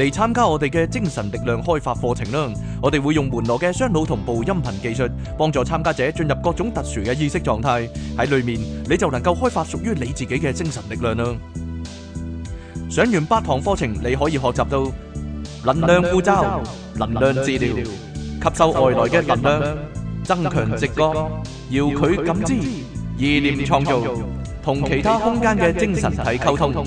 嚟參加我哋嘅精神力量開發課程啦！我哋會用門羅嘅雙腦同步音頻技術，幫助參加者進入各種特殊嘅意識狀態。喺裡面你就能夠開發屬於你自己嘅精神力量啦！上完八堂課程，你可以學習到能量呼召、能量治療、吸收外來嘅能量、增強直覺、遙距感知、意念創造、同其他空間嘅精神體溝通。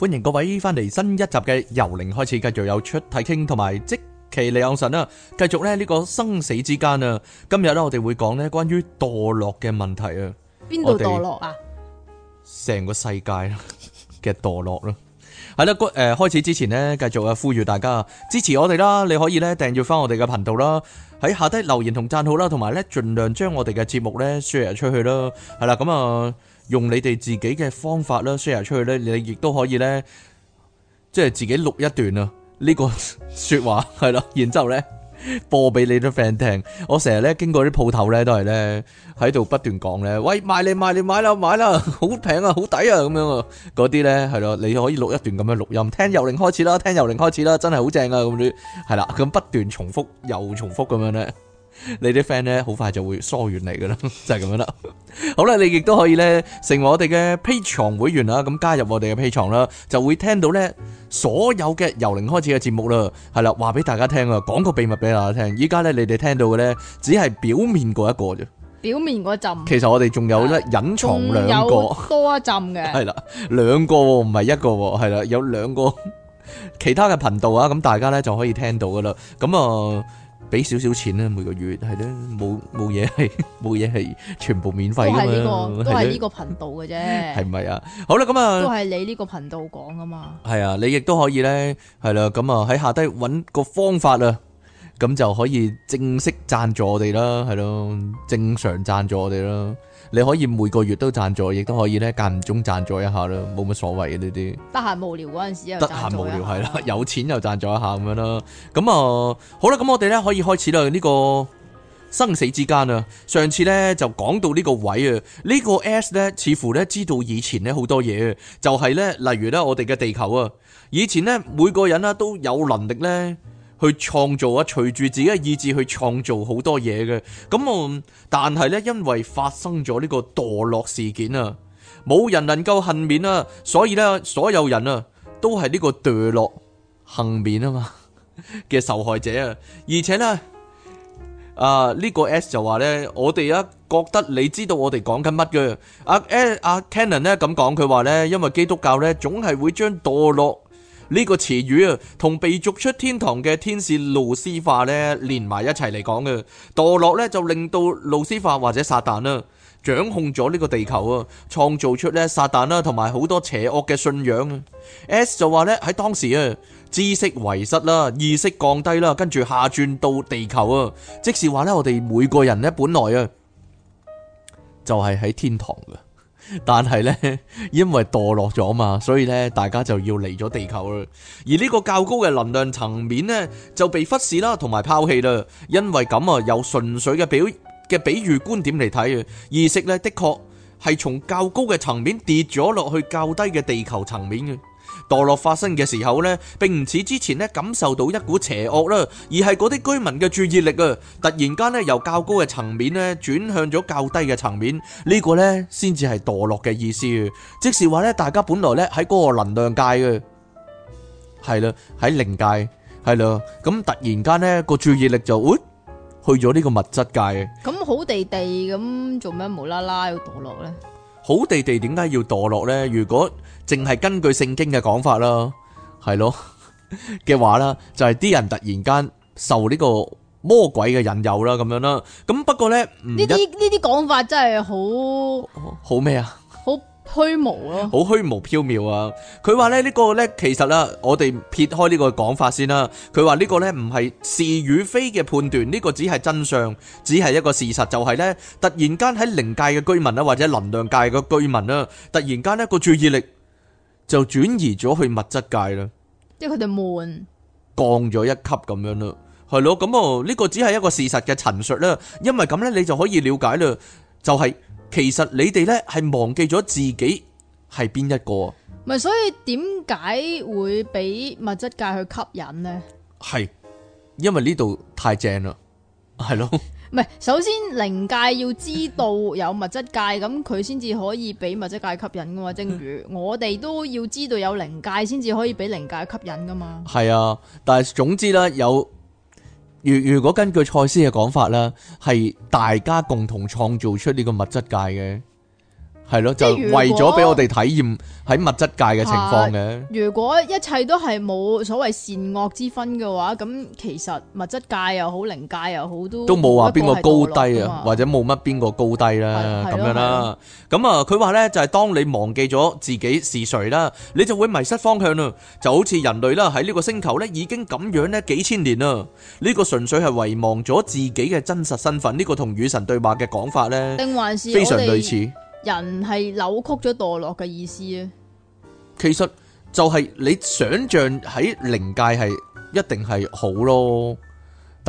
歡迎各位翻嚟新一集嘅由零開始，繼續有出體傾，同埋即其利安神啊！繼續咧呢個生死之間啊！今日咧我哋會講呢關於墮落嘅問題啊！邊度墮落啊？成個世界嘅墮落咯，係啦！ 個、呃、誒開始之前呢，繼續啊呼籲大家支持我哋啦！你可以咧訂閱翻我哋嘅頻道啦，喺下低留言同讚好啦，同埋咧盡量將我哋嘅節目咧 share 出去啦！係啦，咁啊～用你哋自己嘅方法啦 share 出去咧，你亦都可以咧，即係自己錄一段啊，呢個說話係咯，然之後咧播俾你啲 friend 聽。我成日咧經過啲鋪頭咧，都係咧喺度不斷講咧，喂買嚟買嚟買啦買啦，好平啊好抵啊咁樣啊，嗰啲咧係咯，你可以錄一段咁樣錄音，聽由零開始啦，聽由零開始啦，真係好正啊咁樣係啦，咁不斷重複又重複咁樣咧。你啲 friend 咧好快就會疏遠你噶啦，就係、是、咁樣啦。 好啦，你亦都可以咧成為我哋嘅 Patreon 會員啦，咁加入我哋嘅 Patreon 啦，就會聽到咧所有嘅由零開始嘅節目啦。係啦，話俾大家聽啊，講個秘密俾大家聽。依家咧你哋聽到嘅咧只係表面嗰一個啫，表面一浸。其實我哋仲有咧隱的藏兩個，多一浸嘅。係啦，兩個唔係一個，係啦，有兩個 其他嘅頻道啊，咁大家咧就可以聽到噶啦。咁啊。Uh, 俾少少錢咧，每個月係咧，冇冇嘢係冇嘢係全部免費㗎嘛，都係呢、呢個都係呢個頻道嘅啫，係唔係啊？好啦，咁、嗯、啊，都係你呢個頻道講啊嘛，係啊，你亦都可以咧，係啦，咁啊喺下低揾個方法啊，咁就可以正式贊助我哋啦，係咯，正常贊助我哋啦。你可以每個月都贊助，亦都可以咧間唔中贊助一下咯，冇乜所謂嘅呢啲。得閒無聊嗰陣時，得閒無聊係啦，有錢又贊助一下咁樣啦。咁啊、呃，好啦，咁我哋咧可以開始啦呢、呢個生死之間啊。上次咧就講到呢個位啊，呢、呢個 S 咧似乎咧知道以前咧好多嘢，就係、是、咧例如咧我哋嘅地球啊，以前咧每個人啦都有能力咧。去創造啊，隨住自己嘅意志去創造好多嘢嘅。咁、嗯、我，但係咧，因為發生咗呢個墮落事件啊，冇人能夠幸免啊，所以咧，所有人啊，都係呢個墮落幸免啊嘛嘅受害者啊。而且咧，啊呢、呢個 S 就話咧，我哋啊覺得你知道我哋講緊乜嘅。阿 S 阿 Cannon 咧咁講，佢話咧，因為基督教咧總係會將墮落。呢個詞語啊，同被逐出天堂嘅天使路西法咧連埋一齊嚟講嘅墮落咧，就令到路西法或者撒旦啦、啊、掌控咗呢個地球啊，創造出咧撒旦啦同埋好多邪惡嘅信仰啊。S 就話咧，喺當時啊，知識遺失啦、啊，意識降低啦、啊，跟住下轉到地球啊，即是話咧，我哋每個人咧本來啊就係、是、喺天堂嘅。但係呢，因為墮落咗嘛，所以呢，大家就要離咗地球啦。而呢個較高嘅能量層面呢，就被忽視啦，同埋拋棄啦。因為咁啊，由純粹嘅表嘅比喻觀點嚟睇啊，意識呢，的確係從較高嘅層面跌咗落去較低嘅地球層面嘅。墮落發生嘅時候咧，並唔似之前咧感受到一股邪惡啦，而係嗰啲居民嘅注意力啊，突然間咧由較高嘅層面咧轉向咗較低嘅層面，呢個咧先至係墮落嘅意思。即是話咧，大家本來咧喺嗰個能量界啊，係啦，喺靈界，係啦，咁突然間咧個注意力就，去咗呢個物質界。咁好地地咁做咩無啦啦要墮落咧？好地地點解要墮落咧？如果淨係根據聖經嘅講法啦，係咯嘅 話啦，就係、係、啲人突然間受呢個魔鬼嘅引誘啦，咁樣啦。咁不過咧，呢啲呢啲講法真係好好咩啊！虛無咯，好虛無縹緲啊！佢話咧，呢個呢，其實咧，我哋撇開呢個講法先啦。佢話呢個呢，唔係是與非嘅判斷，呢個只係真相，只係一個事實，就係呢，突然間喺靈界嘅居民啦，或者能量界嘅居民啦，突然間呢個注意力就轉移咗去物質界啦。即係佢哋悶，降咗一級咁樣咯，係咯？咁啊呢個只係一個事實嘅陳述啦。因為咁呢，你就可以了解啦，就係。其實你哋咧，係忘記咗自己係邊一個啊，咪所以點解會俾物質界去吸引呢？係因為呢度太正啦，係咯。唔係，首先靈界要知道有物質界，咁佢先至可以俾物質界吸引噶嘛。正如 我哋都要知道有靈界，先至可以俾靈界吸引噶嘛。係啊，但係總之咧有。如如果根據賽斯嘅講法啦，係大家共同創造出呢個物質界嘅。係咯，就為咗俾我哋體驗喺物質界嘅情況嘅。如果一切都係冇所謂善惡之分嘅話，咁其實物質界又好，靈界又好，都都冇話邊個高低啊，或者冇乜邊個高低啦，咁樣啦。咁啊，佢話咧就係當你忘記咗自己是誰啦，你就會迷失方向啦。就好似人類啦，喺呢個星球咧已經咁樣咧幾千年啦，呢個純粹係遺忘咗自己嘅真實身份，呢個同與神對話嘅講法咧，定還是非常類似。人係扭曲咗墮落嘅意思啊，其實就係你想象，喺靈界係一定係好咯。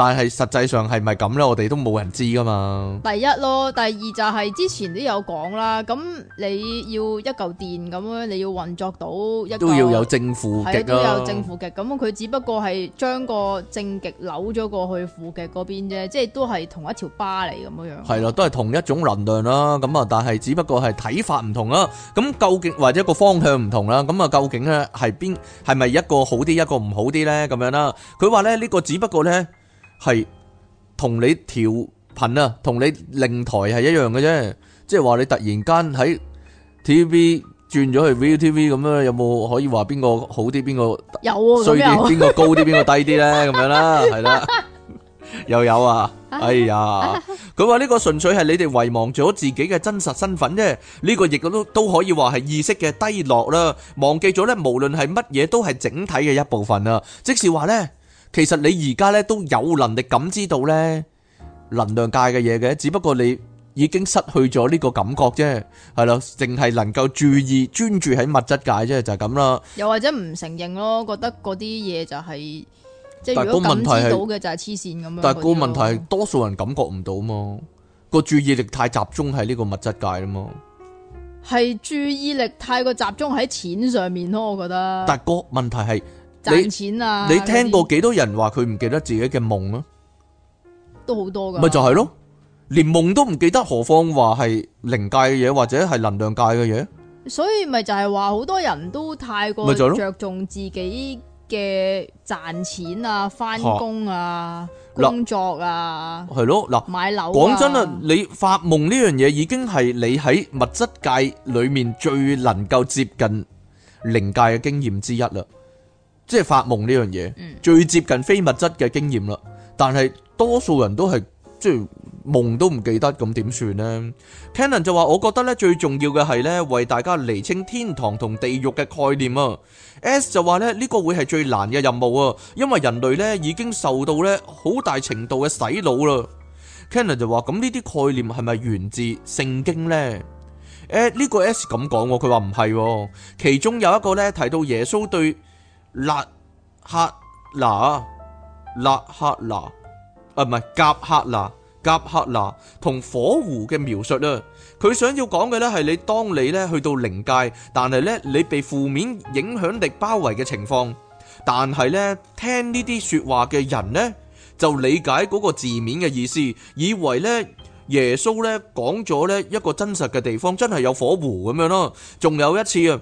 但係實際上係咪咁呢？我哋都冇人知噶嘛。第一咯，第二就係之前都有講啦。咁你要一嚿電咁樣，你要運作到一都要有正負極啊。係啊，都有正負極。咁佢只不過係將個正極扭咗過去負極嗰邊啫，即係都係同一條巴嚟咁樣。係啦，都係同一種能量啦。咁啊，但係只不過係睇法唔同啦。咁究竟或者個方向唔同啦。咁啊，究竟呢係邊係咪一個好啲，一個唔好啲呢？咁樣啦。佢話呢，呢個只不過呢。係同你調頻啊，同你令台係一樣嘅啫。即係話你突然間喺 TVB 轉咗去 ViuTV 咁樣，有冇可以話邊個好啲，邊個衰啲，邊個高啲，邊個低啲咧？咁樣啦，係啦，又有啊。哎呀，佢話呢個純粹係你哋遺忘咗自己嘅真實身份啫。呢個亦都都可以話係意識嘅低落啦，忘記咗咧，無論係乜嘢都係整體嘅一部分啦。即是話咧。其實你而家咧都有能力感知到咧能量界嘅嘢嘅，只不過你已經失去咗呢個感覺啫，係啦，淨係能夠注意專注喺物質界啫，就係咁啦。又或者唔承認咯，覺得嗰啲嘢就係即係如果感知到嘅就係黐線咁樣。但係個問題係，多數人感覺唔到嘛，個注意力太集中喺呢個物質界啦嘛，係注意力太過集中喺錢上面咯，我覺得。但係個問題係。賺錢啊！你聽過幾多人話佢唔記得自己嘅夢啊？都好多噶咪就係咯，連夢都唔記得，何況話係靈界嘅嘢，或者係能量界嘅嘢？所以咪就係話好多人都太過着重自己嘅賺錢啊、翻工啊、工作啊，係咯嗱。買樓。講真啊，你發夢呢樣嘢已經係你喺物質界裏面最能夠接近靈界嘅經驗之一啦。即係發夢呢樣嘢，最接近非物質嘅經驗啦。但係多數人都係即係夢都唔記得，咁點算呢？Cannon 就話：我覺得咧最重要嘅係咧為大家釐清天堂同地獄嘅概念啊。S 就話咧呢個會係最難嘅任務啊，因為人類咧已經受到咧好大程度嘅洗腦啦。Cannon 就話：咁呢啲概念係咪源自聖經呢？誒呢個 S 咁講，佢話唔係，其中有一個咧提到耶穌對。勒克拿，勒克拿，啊唔係夾克拿，夾克拿，同火湖嘅描述啊，佢想要講嘅咧係你當你咧去到靈界，但係咧你被負面影響力包圍嘅情況，但係咧聽呢啲說話嘅人咧就理解嗰個字面嘅意思，以為咧耶穌咧講咗咧一個真實嘅地方，真係有火湖咁樣咯，仲有一次啊。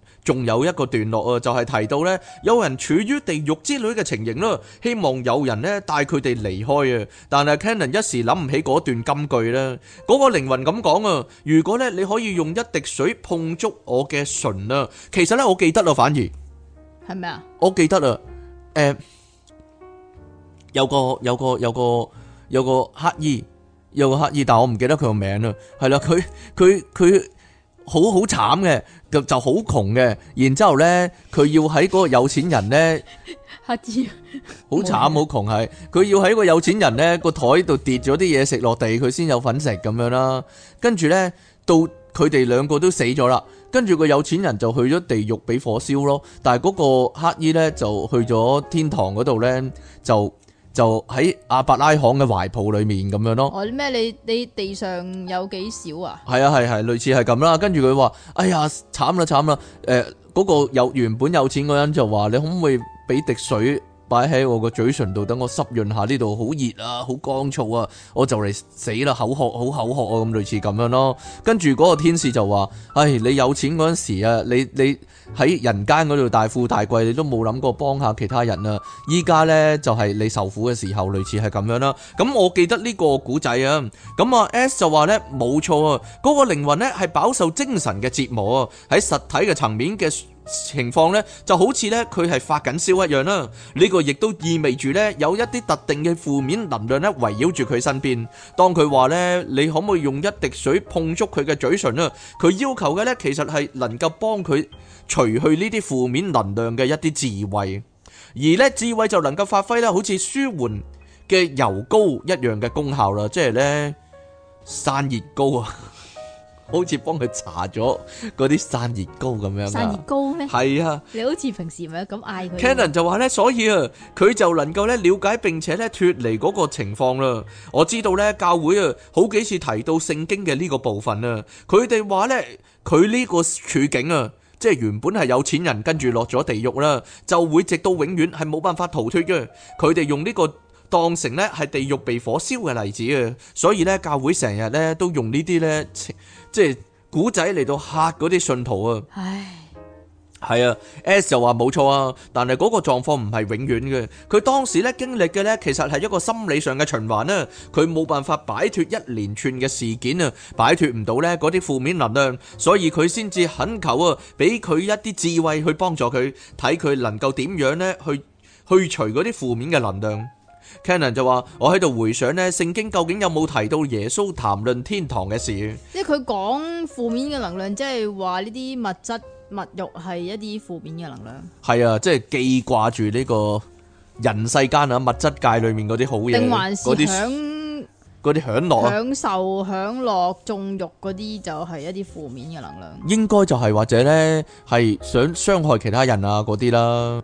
仲有一個段落啊，就係提到咧，有人處於地獄之類嘅情形咯，希望有人咧帶佢哋離開啊。但係 Canon 一時諗唔起嗰段金句啦。嗰個靈魂咁講啊，如果咧你可以用一滴水碰觸我嘅唇啊，其實咧我記得咯，反而係咪啊？我記得啊，誒，有個有個有個有個乞兒，有個乞兒，但我唔記得佢個名啦。係啦，佢佢佢。好好慘嘅，就就好窮嘅，然之後咧，佢要喺嗰個有錢人呢，乞丐 ，好慘好窮係，佢要喺個有錢人呢個台度跌咗啲嘢食落地，佢先有份食咁樣啦。跟住呢，到佢哋兩個都死咗啦，跟住個有錢人就去咗地獄俾火燒咯，但係嗰個乞衣呢，就去咗天堂嗰度呢。就。就喺阿伯拉罕嘅懷抱裏面咁樣咯。哦，咩？你你地上有幾少啊？係啊係係、啊啊，類似係咁啦。跟住佢話：哎呀，慘啦慘啦！誒，嗰、呃嗰個有原本有錢嗰人就話：你可唔可以俾滴水？擺喺我個嘴唇度等我濕潤下呢度，好熱啊，好乾燥啊，我就嚟死啦，口渴，好口渴啊，咁類似咁樣咯。跟住嗰個天使就話：唉，你有錢嗰陣時啊，你你喺人間嗰度大富大貴，你都冇諗過幫下其他人啊。依家呢，就係你受苦嘅時候，類似係咁樣啦。咁我記得呢個古仔啊。咁啊 S 就話呢：「冇錯啊，嗰個靈魂呢係飽受精神嘅折磨啊，喺實體嘅層面嘅。情況呢就好似呢，佢係發緊燒一樣啦，呢個亦都意味住呢，有一啲特定嘅負面能量呢圍繞住佢身邊。當佢話呢，你可唔可以用一滴水碰觸佢嘅嘴唇啦？佢要求嘅呢，其實係能夠幫佢除去呢啲負面能量嘅一啲智慧，而呢智慧就能夠發揮呢，好似舒緩嘅油膏一樣嘅功效啦，即係呢，散熱膏啊！ 好似幫佢搽咗嗰啲散熱膏咁樣。散熱膏咩？係啊。你好似平時咪咁嗌佢。Canon 就話咧，所以啊，佢就能夠咧了解並且咧脫離嗰個情況啦。我知道咧，教會啊好幾次提到聖經嘅呢個部分啊。佢哋話咧，佢呢個處境啊，即係原本係有錢人跟住落咗地獄啦，就會直到永遠係冇辦法逃脫嘅。佢哋用呢、呢個。當成咧係地獄被火燒嘅例子啊，所以咧教會成日咧都用呢啲咧，即係古仔嚟到嚇嗰啲信徒啊。唉，係啊，S 又話冇錯啊，但係嗰個狀況唔係永遠嘅。佢當時咧經歷嘅咧，其實係一個心理上嘅循環啊。佢冇辦法擺脫一連串嘅事件啊，擺脫唔到咧嗰啲負面能量，所以佢先至懇求啊，俾佢一啲智慧去幫助佢睇佢能夠點樣咧去去除嗰啲負面嘅能量。Canon 就話：我喺度回想呢聖經究竟有冇提到耶穌談論天堂嘅事？即係佢講負面嘅能量，即係話呢啲物質物欲係一啲負面嘅能量。係啊，即係記掛住呢個人世間啊，物質界裏面嗰啲好嘢，定還是享嗰啲享樂、享受享樂縱欲嗰啲，就係一啲負面嘅能量。應該就係或者呢係想傷害其他人啊嗰啲啦。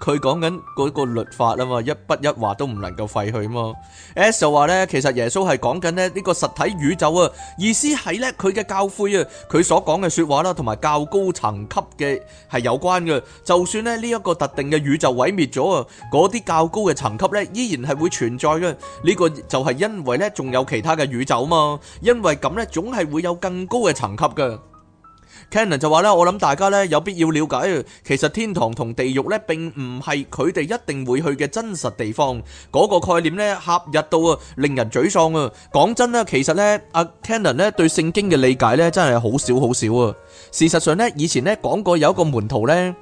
佢講緊嗰個律法啊嘛，一筆一劃都唔能夠廢佢嘛。S 就話咧，其實耶穌係講緊咧呢個實體宇宙啊，意思係咧佢嘅教誨啊，佢所講嘅說話啦，同埋較高層級嘅係有關嘅。就算咧呢一個特定嘅宇宙毀滅咗啊，嗰啲較高嘅層級咧依然係會存在嘅。呢個就係因為咧仲有其他嘅宇宙啊嘛，因為咁咧總係會有更高嘅層級噶。Canon 就話咧，我諗大家咧有必要了解，其實天堂同地獄咧並唔係佢哋一定會去嘅真實地方，嗰個概念咧狹日到啊，令人沮喪啊！講真咧，其實咧，阿 Canon 咧對聖經嘅理解咧真係好少好少啊！事實上咧，以前咧講過有一個門徒咧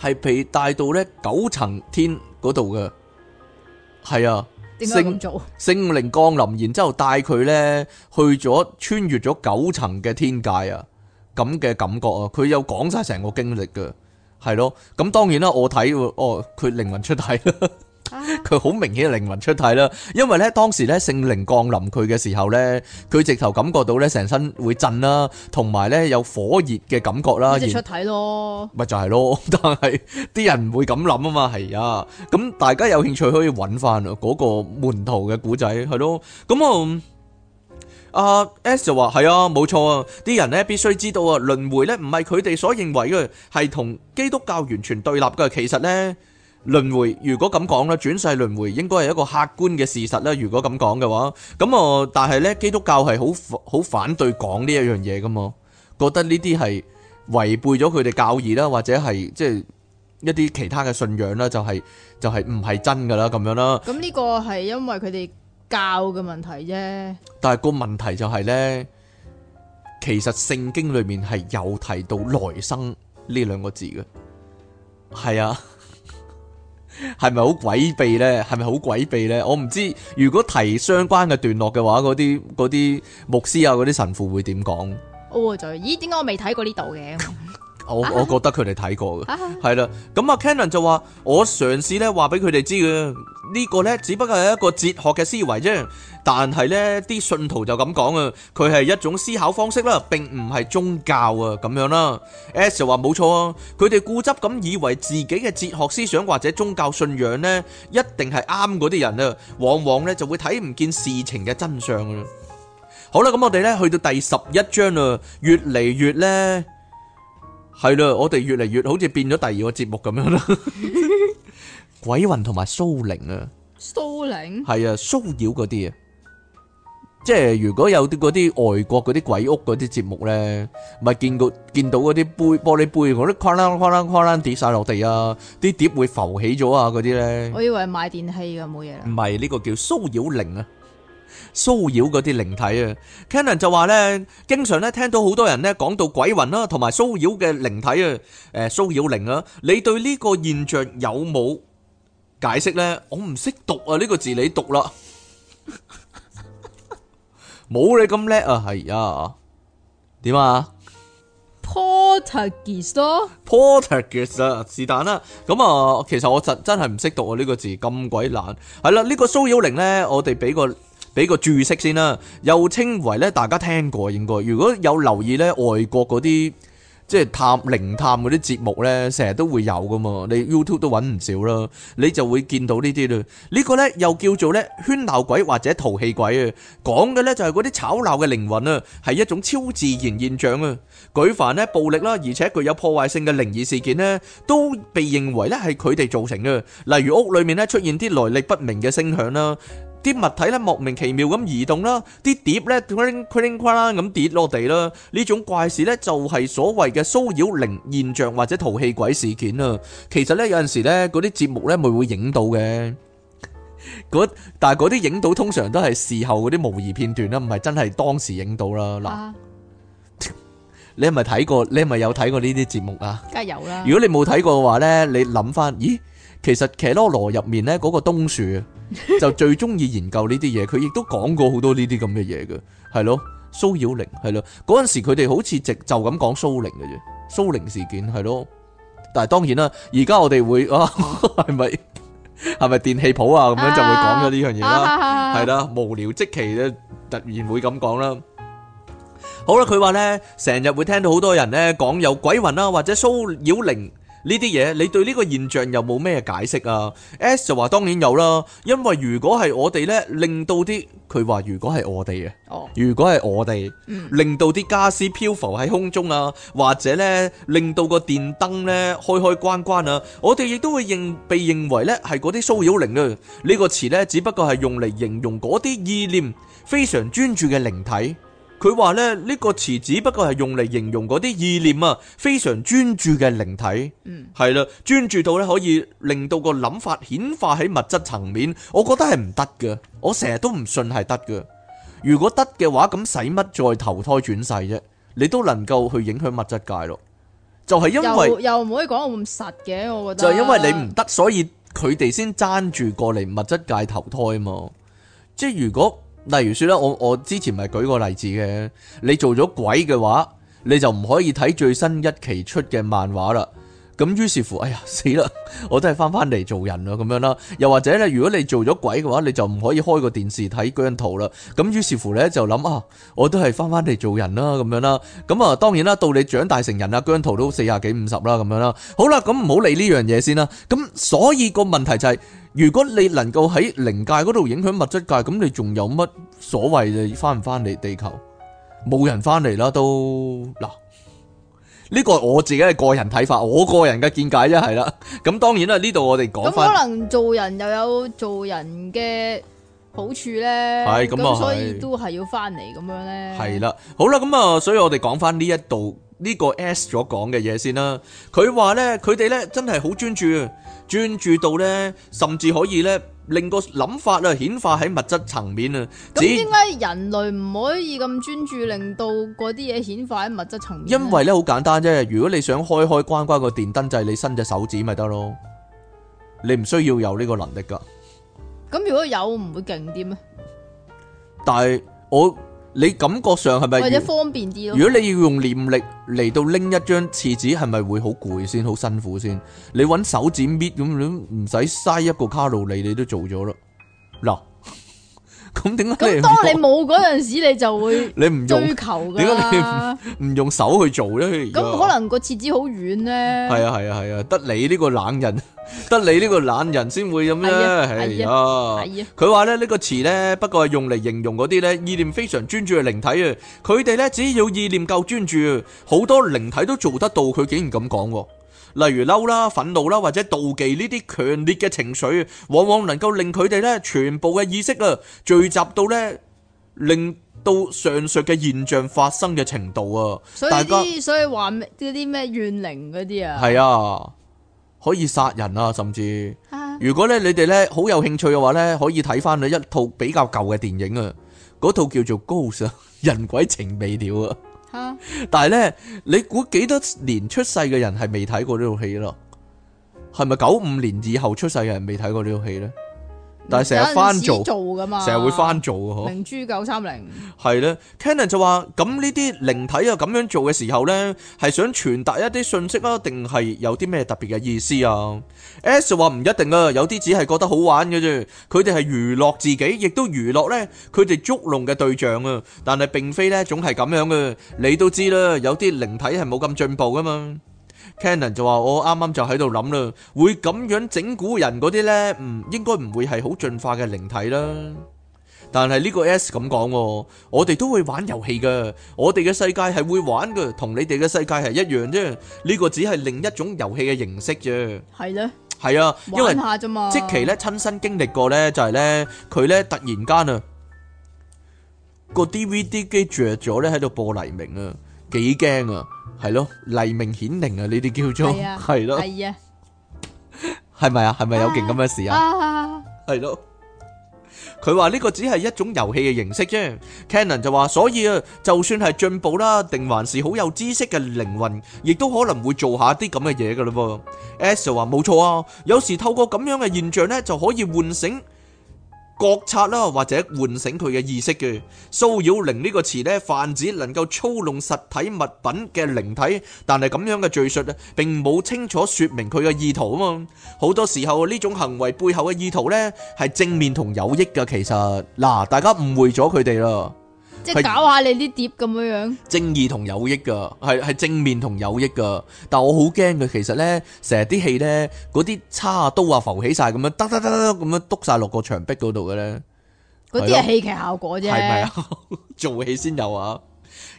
係被帶到咧九層天嗰度嘅，係啊。聖聖靈降臨，然之後帶佢咧去咗穿越咗九層嘅天界啊，咁嘅感覺啊，佢有講晒成個經歷噶，係咯，咁當然啦，我睇哦，佢靈魂出體 佢好明顯靈魂出體啦，因為咧當時咧聖靈降臨佢嘅時候咧，佢直頭感覺到咧成身會震啦，同埋咧有火熱嘅感覺啦，即係出體咯，咪就係咯，但係啲人唔會咁諗啊嘛，係啊，咁大家有興趣可以搵翻嗰個門徒嘅古仔係咯，咁啊阿 S 就話係啊，冇錯啊，啲人咧必須知道啊輪迴咧唔係佢哋所認為嘅，係同基督教完全對立嘅，其實咧。輪回如果咁講啦，轉世輪回應該係一個客觀嘅事實啦。如果咁講嘅話，咁啊，但係呢，基督教係好好反對講呢一樣嘢噶嘛，覺得呢啲係違背咗佢哋教義啦，或者係即係一啲其他嘅信仰啦，就係就係唔係真噶啦，咁樣啦。咁呢個係因為佢哋教嘅問題啫。但係個問題就係呢，其實聖經裏面係有提到來生呢兩個字嘅，係啊。係咪好詭秘咧？係咪好詭秘咧？我唔知，如果提相關嘅段落嘅話，嗰啲嗰啲牧師啊，嗰啲神父會點講？我再、哦、咦？點解我未睇過呢度嘅？ 我我覺得佢哋睇過嘅，係啦。 咁啊，Canon 就話：我嘗試咧話俾佢哋知嘅。呢個呢只不過係一個哲學嘅思維啫，但係呢啲信徒就咁講啊，佢係一種思考方式啦，並唔係宗教啊咁樣啦。S 就話冇錯啊，佢哋固執咁以為自己嘅哲學思想或者宗教信仰呢，一定係啱嗰啲人啊，往往呢就會睇唔見事情嘅真相啊。好啦，咁我哋呢去到第十一章啊，越嚟越呢係啦，我哋越嚟越好似變咗第二個節目咁樣啦。鬼魂同埋騷靈啊，騷靈？係啊，騷擾嗰啲啊，即係如果有啲嗰啲外國嗰啲鬼屋嗰啲節目咧，咪見過見到嗰啲杯玻璃杯嗰啲哐啷哐啷哐啷跌曬落地啊，啲碟會浮起咗啊嗰啲咧，我以為買電器㗎冇嘢啦。唔係呢個叫騷擾靈啊，騷擾嗰啲靈體啊，Kenon 就話咧，經常咧聽到好多人咧講到鬼魂啦，同埋騷擾嘅靈體啊，誒騷擾靈啊，你對呢個現象有冇？解釋咧，我唔識讀啊！呢、這個字你讀啦，冇你咁叻啊，係啊，點啊？Portuguese，Portuguese 啊，是但啦。咁啊 o,、嗯，其實我實真係唔識讀啊，呢、這個字咁鬼難。係啦，嗯這個、呢個騷擾靈咧，我哋俾個俾個註釋先啦。又稱為咧，大家聽過應該，如果有留意咧，外國嗰啲。即係探靈探嗰啲節目咧，成日都會有㗎嘛，你 YouTube 都揾唔少啦，你就會見到呢啲啦。呢個咧又叫做咧喧鬧鬼或者淘氣鬼啊，講嘅咧就係嗰啲吵鬧嘅靈魂啊，係一種超自然現象啊。舉凡咧暴力啦，而且具有破壞性嘅靈異事件咧，都被認為咧係佢哋造成嘅，例如屋裏面咧出現啲來歷不明嘅聲響啦。啲物體咧莫名其妙咁移動啦，啲碟咧 cring cring cring 啦，咁跌落地啦，呢種怪事咧就係所謂嘅騷擾靈現象或者淘氣鬼事件啊。其實咧有陣時咧嗰啲節目咧咪會影到嘅，嗰但係嗰啲影到通常都係事後嗰啲模擬片段啦，唔係真係當時影到啦。嗱，你係咪睇過？你係咪有睇過呢啲節目啊？梗係有啦。如果你冇睇過嘅話咧，你諗翻，咦？其實《騎駱駝》入面咧，嗰個東樹就最中意研究呢啲嘢，佢亦都講過好多呢啲咁嘅嘢嘅。係咯，騷擾靈，係咯，嗰陣時佢哋好似直就咁講騷靈嘅啫，騷靈事件係咯，但係當然啦，而家我哋會啊，係咪係咪電器鋪啊咁樣就會講咗呢樣嘢啦，係啦，無聊即奇咧突然會咁講啦。好啦，佢話咧成日會聽到好多人咧講有鬼魂呀，或者騷擾靈。呢啲嘢，你對呢個現象有冇咩解釋啊？S 就話當然有啦，因為如果係我哋呢，令到啲佢話如果係我哋啊，oh. 如果係我哋，令到啲家私漂浮喺空中啊，或者呢，令到個電燈呢開開關關啊，我哋亦都會認被認為呢係嗰啲騷擾靈啊。呢、這個詞呢，只不過係用嚟形容嗰啲意念非常專注嘅靈體。佢話咧呢個詞只不過係用嚟形容嗰啲意念啊，非常專注嘅靈體，係啦，嗯，專注到咧可以令到個諗法顯化喺物質層面，我覺得係唔得嘅，我成日都唔信係得嘅。如果得嘅話，咁使乜再投胎轉世啫？你都能夠去影響物質界咯，就係、是，因為又唔可以講咁實嘅，我覺得就係因為你唔得，所以佢哋先爭住過嚟物質界投胎嘛。即係如果。例如説咧，我我之前咪舉過例子嘅，你做咗鬼嘅話，你就唔可以睇最新一期出嘅漫畫啦。咁於是乎，哎呀死啦！我都係翻翻嚟做人啦，咁樣啦。又或者咧，如果你做咗鬼嘅話，你就唔可以開個電視睇姜濤啦。咁於是乎咧，就諗啊，我都係翻翻嚟做人啦，咁樣啦。咁啊，當然啦，到你長大成人啦，姜濤都四廿幾五十啦，咁樣啦。好啦，咁唔好理呢樣嘢先啦。咁所以個問題就係，如果你能夠喺靈界嗰度影響物質界，咁你仲有乜所謂？你翻唔翻嚟地球？冇人翻嚟啦，都嗱。呢個我自己嘅個人睇法，我個人嘅見解啫，係啦。咁當然啦，呢度我哋講翻。咁可能做人又有做人嘅好處咧，係咁啊，樣所以都係要翻嚟咁樣咧。係啦，好啦，咁啊，所以我哋講翻呢一度呢個 S 所講嘅嘢先啦。佢話咧，佢哋咧真係好專注。專注到呢，甚至可以，可以呢，令個諗法啊顯化喺物質層面啊。咁點解人類唔可以咁專注，令到嗰啲嘢顯化喺物質層面？因為呢，好簡單啫，如果你想開開關關個電燈掣，你伸隻手指咪得咯，你唔需要有呢個能力噶。咁如果有，唔會勁啲咩？但係我。你感覺上係咪？或者方便啲咯。如果你要用念力嚟到拎一張廁紙，係咪會好攰先？好辛苦先？你揾手指搣咁樣，唔使嘥一個卡路里，你都做咗啦。嗱。咁點解？咁當你冇嗰陣時，你就會你唔追求噶啦，唔用手去做咧。咁可能個廁紙好遠咧。係啊係啊係啊，得你呢個懶人，得你呢個懶人先會咁樣。哎呀，佢話咧呢個詞咧，不過係用嚟，形容嗰啲咧意念非常專注嘅靈體啊。佢哋咧只要意念夠專注，好多靈體都做得到。佢竟然咁講喎。例如嬲啦、憤怒啦，或者妒忌呢啲強烈嘅情緒，往往能夠令佢哋咧全部嘅意識啊聚集到咧，令到上述嘅現象發生嘅程度啊。大家，所以話啲咩怨靈嗰啲啊，係啊，可以殺人啊，甚至如果咧你哋咧好有興趣嘅話咧，可以睇翻佢一套比較舊嘅電影啊，嗰套叫做《Ghost 人鬼情未了》啊。但係咧，你估幾多年出世嘅人係未睇過呢套戲咯？係咪九五年以後出世嘅人未睇過呢套戲咧？但係成日翻做做噶嘛，成日會翻做嘅嗬。明珠九三零係咧，Kenner 就話：咁呢啲靈體啊，咁樣做嘅時候咧，係想傳達一啲信息啊，定係有啲咩特別嘅意思啊？S 話唔一定啊，有啲只係覺得好玩嘅啫，佢哋係娛樂自己，亦都娛樂咧佢哋捉弄嘅對象啊。但係並非咧，總係咁樣嘅，你都知啦，有啲靈體係冇咁進步噶嘛。Canon 就話，我啱啱就喺度諗啦，會咁樣整蠱人嗰啲咧，唔應該唔會係好進化嘅靈體啦。但係呢個 S 咁講，我哋都會玩遊戲噶，我哋嘅世界係會玩噶，同你哋嘅世界係一樣啫。呢個只係另一種遊戲嘅形式啫。係咧，係啊，因為即期咧親身經歷過咧，就係咧佢咧突然間啊，個 DVD 機著咗咧喺度播黎明啊，幾驚啊！係咯，黎明顯靈啊！呢啲叫做係咯，係啊，係咪啊？係咪有勁咁嘅事啊？係咯，佢話呢個只係一種遊戲嘅形式啫。Canon 就話，所以啊，就算係進步啦，定還是好有知識嘅靈魂，亦都可能會做下啲咁嘅嘢噶嘞噃。Ash 就話冇錯啊，有時透過咁樣嘅現象呢，就可以喚醒。覺察啦，或者喚醒佢嘅意識嘅騷擾靈呢個詞呢，泛指能夠操弄實體物品嘅靈體，但係咁樣嘅敘述啊，並冇清楚說明佢嘅意圖啊嘛，好多時候呢種行為背後嘅意圖呢，係正面同有益㗎，其實嗱，大家誤會咗佢哋啦。即係搞下你啲碟咁樣樣，正義同有益噶，係係正面同有益噶。但我好驚嘅，其實咧，成日啲戲咧，嗰啲叉啊刀啊浮起晒咁樣，得得得得咁樣篤晒落個牆壁嗰度嘅咧，嗰啲係戲劇效果啫，係咪啊？做戲先有啊！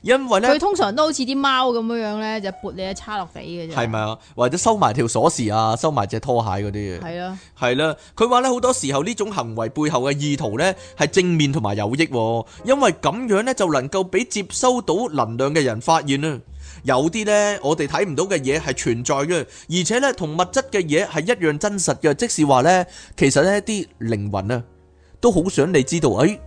因為咧，佢通常都好似啲貓咁樣樣咧，就撥你一叉落地嘅啫。係咪啊？或者收埋條鎖匙啊，收埋隻拖鞋嗰啲嘅。係啊，係啦。佢話咧，好多時候呢種行為背後嘅意圖咧，係正面同埋有益，因為咁樣咧就能夠俾接收到能量嘅人發現啦。有啲咧，我哋睇唔到嘅嘢係存在嘅，而且咧同物質嘅嘢係一樣真實嘅。即使話咧，其實呢啲靈魂啊，都好想你知道，哎。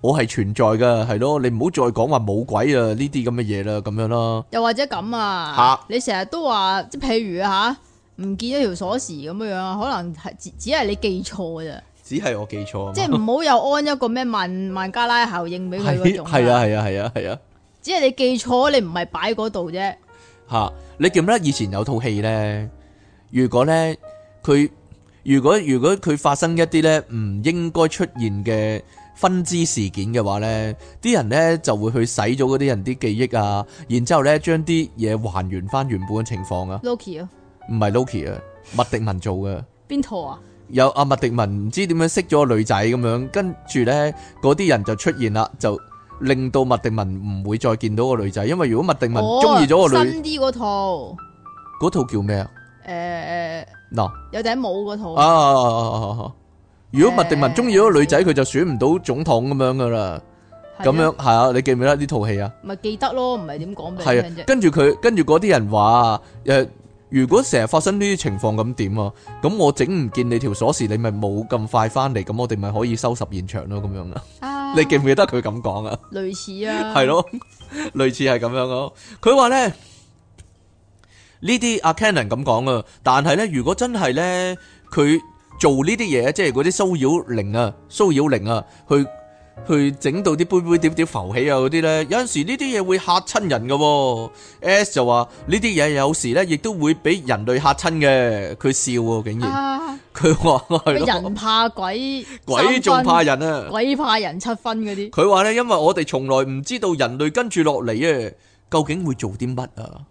我係存在噶，係咯，你唔好再講話冇鬼啊呢啲咁嘅嘢啦，咁樣咯。又或者咁啊，啊你成日都話，即係譬如吓，唔見咗條鎖匙咁樣樣，可能係只只係你記錯咋？只係我記錯，即係唔好又安一個咩萬萬加拉效應俾佢嗰種。係啊係啊係啊係啊， 只係你記錯，你唔係擺嗰度啫。吓、啊，你記唔記得以前有套戲咧？如果咧，佢如果如果佢發生一啲咧唔應該出現嘅。分支事件嘅話呢，啲人呢就會去洗咗嗰啲人啲記憶啊，然之後呢將啲嘢還原翻原本嘅情況啊。Loki 啊？唔係 Loki 啊，麥迪文做嘅。邊套啊？有啊，麥迪文唔知點樣識咗個女仔咁樣，跟住呢嗰啲人就出現啦，就令到麥迪文唔會再見到個女仔，因為如果麥迪文中意咗個女仔，新啲嗰套，嗰套叫咩啊？誒、uh, No?，嗱，有頂帽嗰套。如果麥迪文中意嗰個女仔，佢就選唔到總統咁樣噶啦，咁樣係啊？你記唔記得呢套戲啊？咪記得咯，唔係點講名啫。係啊，跟住佢跟住嗰啲人話誒，如果成日發生呢啲情況咁點啊？咁我整唔見你條鎖匙，你咪冇咁快翻嚟，咁我哋咪可以收拾現場咯，咁樣啊？你記唔記得佢咁講啊？類似啊，係咯，類似係咁樣咯。佢話咧呢啲阿 Kenan 咁講啊，但係咧如果真係咧佢。做呢啲嘢，即係嗰啲騷擾靈啊，騷擾靈啊，去去整到啲杯杯碟碟碟浮起啊嗰啲咧，有陣時呢啲嘢會嚇親人噶喎。S 就話呢啲嘢有時咧，亦都會俾人類嚇親嘅。佢笑竟然，佢話人怕鬼，鬼仲怕人啊，鬼怕人七分嗰啲。佢話咧，因為我哋從來唔知道人類跟住落嚟啊，究竟會做啲乜啊？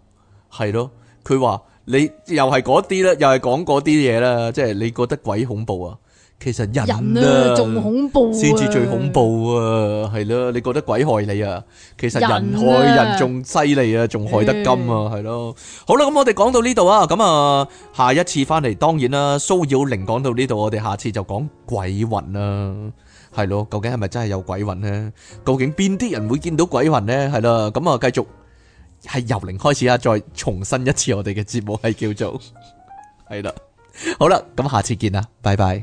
係咯，佢話。你又係嗰啲啦，又係講嗰啲嘢啦，即係你覺得鬼恐怖啊？其實人啊，仲恐怖啊，先至最恐怖啊，係咯？你覺得鬼害你啊？其實人害人仲犀利啊，仲害得緊啊，係咯？好啦，咁我哋講到呢度啊，咁啊，下一次翻嚟，當然啦，騷擾靈講到呢度，我哋下次就講鬼魂啦，係咯？究竟係咪真係有鬼魂呢？究竟邊啲人會見到鬼魂呢？係咯？咁啊，繼續。係由零開始啊！再重新一次，我哋嘅節目係叫做。係啦， 好啦，咁下次見啦，拜拜。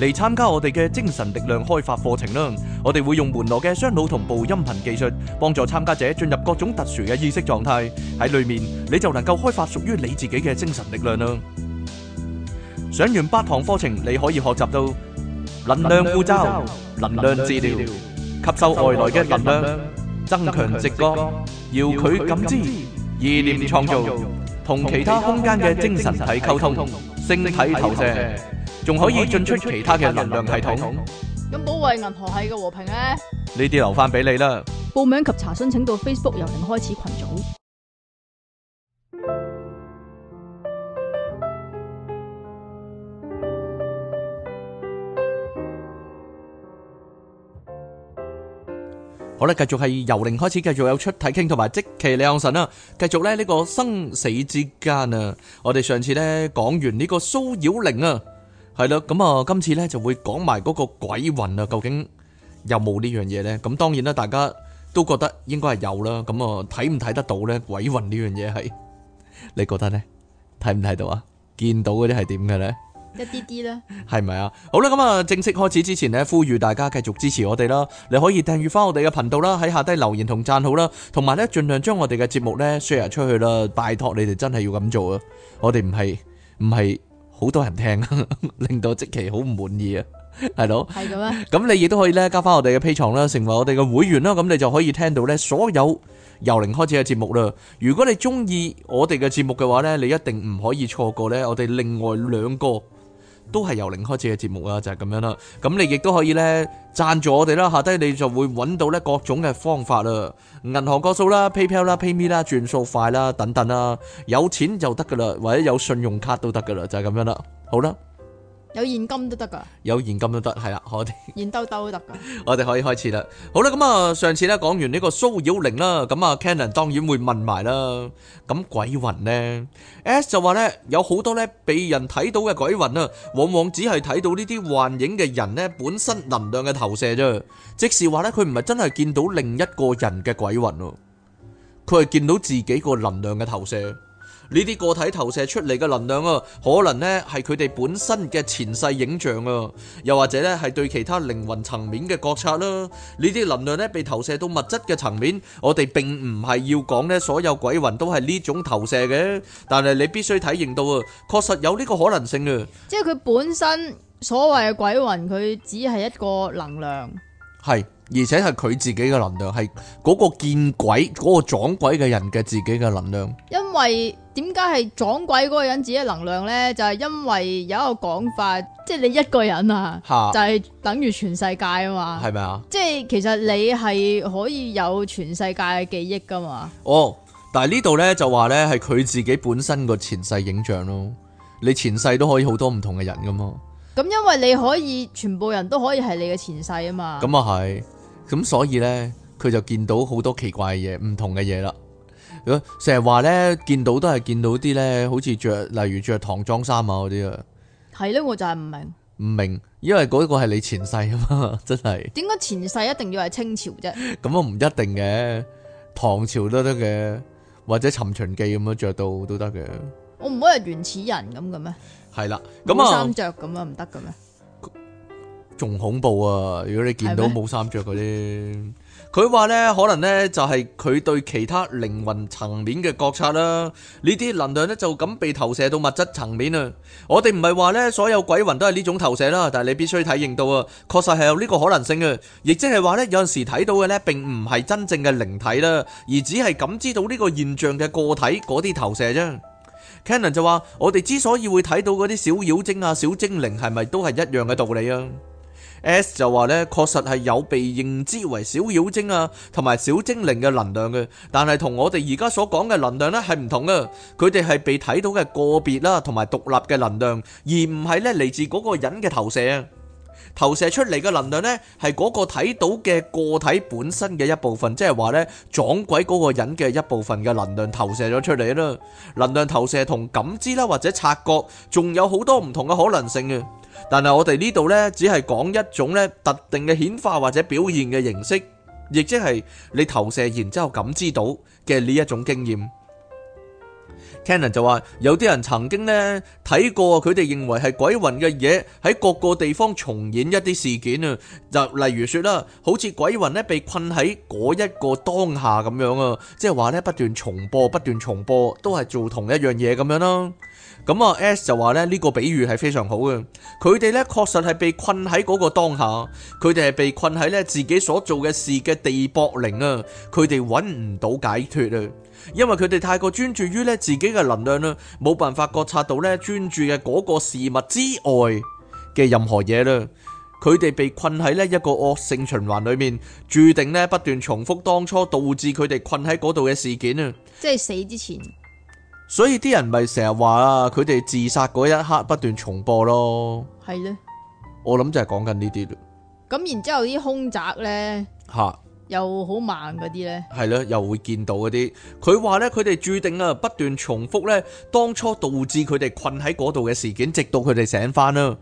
嚟參加我哋嘅精神力量開發課程啦！我哋會用門羅嘅雙腦同步音頻技術，幫助參加者進入各種特殊嘅意識狀態。喺裏面，你就能夠開發屬於你自己嘅精神力量啦！上完八堂課程，你可以學習到能量護罩、能量治療、吸收外來嘅能量、增強直覺、遙距感知、意念創造、同其他空間嘅精神體溝通、星體投射。仲可以進出其他嘅能量系統。咁、嗯、保衛銀河系嘅和平咧？呢啲留翻俾你啦。報名及查詢請到 Facebook 由零開始群組。好啦，繼續係由零開始，繼續有出體傾同埋即期李昂神啦。繼續咧呢個生死之間啊！我哋上次咧講完呢個騷擾靈啊。係咯，咁啊，今次咧就會講埋嗰個鬼魂啊，究竟有冇呢樣嘢咧？咁當然啦，大家都覺得應該係有啦。咁啊，睇唔睇得到咧？鬼魂呢樣嘢係，你覺得咧？睇唔睇到啊？見到嗰啲係點嘅咧？一啲啲啦，係咪啊？好啦，咁啊，正式開始之前咧，呼籲大家繼續支持我哋啦。你可以訂閱翻我哋嘅頻道啦，喺下低留言同讚好啦，同埋咧盡量將我哋嘅節目咧 share 出去啦。拜託你哋真係要咁做啊！我哋唔係唔係。好多人聽啊，令到即期好唔滿意啊，係咯，係咁啊，咁你亦都可以咧加翻我哋嘅 Patreon 啦，成為我哋嘅會員啦，咁你就可以聽到咧所有由零開始嘅節目啦。如果你中意我哋嘅節目嘅話咧，你一定唔可以錯過咧，我哋另外兩個。都係由零開始嘅節目啊，就係咁樣啦。咁你亦都可以咧贊助我哋啦，下低你就會搵到咧各種嘅方法啦。銀行個數啦、PayPal 啦、PayMe 啦、轉數快啦等等啊，有錢就得噶啦，或者有信用卡都得噶啦，就係咁樣啦。好啦。有現金都得噶，有現金都得，係啦，我 哋現兜兜都得噶， 我哋可以開始啦。好啦，咁啊，上次咧講完呢個騷擾靈啦，咁啊，Canon 當然會問埋啦。咁鬼魂呢？S 就話呢，有好多呢被人睇到嘅鬼魂啊，往往只係睇到呢啲幻影嘅人呢本身能量嘅投射啫。即是話呢，佢唔係真係見到另一個人嘅鬼魂咯，佢係見到自己個能量嘅投射。呢啲個體投射出嚟嘅能量啊，可能呢係佢哋本身嘅前世影像啊，又或者呢係對其他靈魂層面嘅覺察啦。呢啲能量呢，被投射到物質嘅層面，我哋並唔係要講呢所有鬼魂都係呢種投射嘅，但係你必須體認到啊，確實有呢個可能性啊。即係佢本身所謂嘅鬼魂，佢只係一個能量。係。而且係佢自己嘅能量，係嗰個見鬼嗰個撞鬼嘅人嘅自己嘅能量。因為點解係撞鬼嗰個人自己嘅能量呢？就係因為有一個講法，即係你一個人啊，就係等於全世界啊嘛。係咪啊？即係其實你係可以有全世界嘅記憶噶嘛？哦，但係呢度呢，就話呢係佢自己本身個前世影像咯。你前世都可以好多唔同嘅人噶嘛？咁因為你可以全部人都可以係你嘅前世啊嘛？咁啊係。咁所以咧，佢就見到好多奇怪嘅嘢，唔同嘅嘢啦。成日話咧，見到都係見到啲咧，好似着例如着唐裝衫啊嗰啲啊。係咧，我就係唔明，唔明，因為嗰個係你前世啊嘛，真係。點解前世一定要係清朝啫？咁啊，唔一定嘅，唐朝都得嘅，或者尋秦記咁樣着到都得嘅。我唔可以係原始人咁嘅咩？係啦，咁啊，冇衫着咁啊，唔得嘅咩？仲恐怖啊！如果你見到冇衫着嘅啲，佢話嗎 呢，可能呢，就係佢對其他靈魂層面嘅覺察啦。呢啲能量呢，就咁被投射到物質層面啊！我哋唔係話呢，所有鬼魂都係呢種投射啦，但係你必須體認到啊，確實係有呢個可能性啊。亦即係話呢，有陣時睇到嘅呢，並唔係真正嘅靈體啦，而只係感知到呢個現象嘅個體嗰啲投射啫。Cannon 就話：我哋之所以會睇到嗰啲小妖精啊、小精靈係咪都係一樣嘅道理啊？S 就話呢，確實係有被認知為小妖精啊、同埋小精靈嘅能量嘅，但係同我哋而家所講嘅能量呢係唔同啊，佢哋係被睇到嘅個別啦、同埋獨立嘅能量，而唔係呢嚟自嗰個人嘅投射啊。投射出嚟嘅能量呢係嗰個睇到嘅個體本身嘅一部分，即係話呢，撞鬼嗰個人嘅一部分嘅能量投射咗出嚟啦。能量投射同感知啦，或者察覺，仲有好多唔同嘅可能性嘅。但係我哋呢度呢，只係講一種咧特定嘅顯化或者表現嘅形式，亦即係你投射然之後感知到嘅呢一種經驗。Canon 就話，有啲人曾經呢睇過佢哋認為係鬼魂嘅嘢喺各個地方重演一啲事件啊，就例如說啦，好似鬼魂咧被困喺嗰一個當下咁樣啊，即係話呢不斷重播，不斷重播，都係做同一樣嘢咁樣啦。咁啊 S 就話咧呢個比喻係非常好嘅，佢哋呢確實係被困喺嗰個當下，佢哋係被困喺呢自己所做嘅事嘅地縛靈啊，佢哋揾唔到解脫啊，因為佢哋太過專注於呢自己嘅能量啦，冇辦法覺察到呢專注嘅嗰個事物之外嘅任何嘢啦，佢哋被困喺呢一個惡性循環裏面，注定呢不斷重複當初導致佢哋困喺嗰度嘅事件啊，即係死之前。所以啲人咪成日話啊，佢哋自殺嗰一刻不斷重播。咯，係咧，我諗就係講緊呢啲咯。咁然之後啲兇宅呢，吓又好慢嗰啲呢，係咧哈又，又會見到嗰啲。佢話呢，佢哋注定啊不斷重複呢，當初導致佢哋困喺嗰度嘅事件，直到佢哋醒翻啦。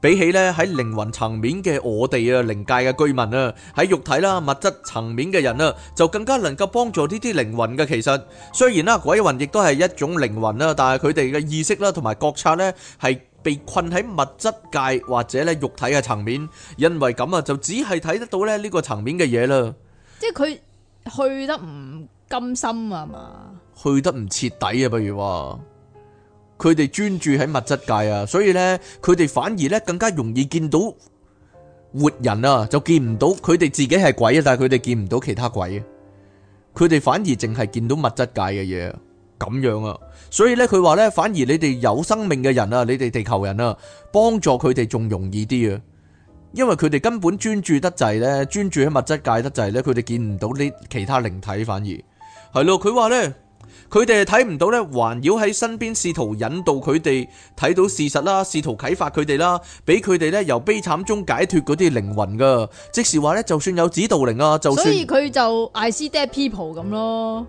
比起咧喺靈魂層面嘅我哋啊，靈界嘅居民啊，喺肉體啦物質層面嘅人啊，就更加能夠幫助呢啲靈魂嘅。其實雖然啦，鬼魂亦都係一種靈魂啦，但係佢哋嘅意識啦同埋覺察咧，係被困喺物質界或者咧肉體嘅層面，因為咁啊，就只係睇得到咧呢個層面嘅嘢啦。即係佢去得唔甘心啊嘛，去得唔徹底啊，不如話。佢哋專注喺物質界啊，所以呢，佢哋反而呢更加容易見到活人啊，就見唔到佢哋自己係鬼啊，但係佢哋見唔到其他鬼啊，佢哋反而淨係見到物質界嘅嘢，咁樣啊，所以呢，佢話呢，反而你哋有生命嘅人啊，你哋地球人啊，幫助佢哋仲容易啲啊，因為佢哋根本專注得滯呢，專注喺物質界得滯呢，佢哋見唔到呢其他靈體，反而係咯，佢話呢。佢哋係睇唔到咧，環繞喺身邊，試圖引導佢哋睇到事實啦，試圖啟發佢哋啦，俾佢哋咧由悲慘中解脱嗰啲靈魂噶。即是話咧，就算有指導靈啊，就算所以佢就愛斯 dead people 咁咯，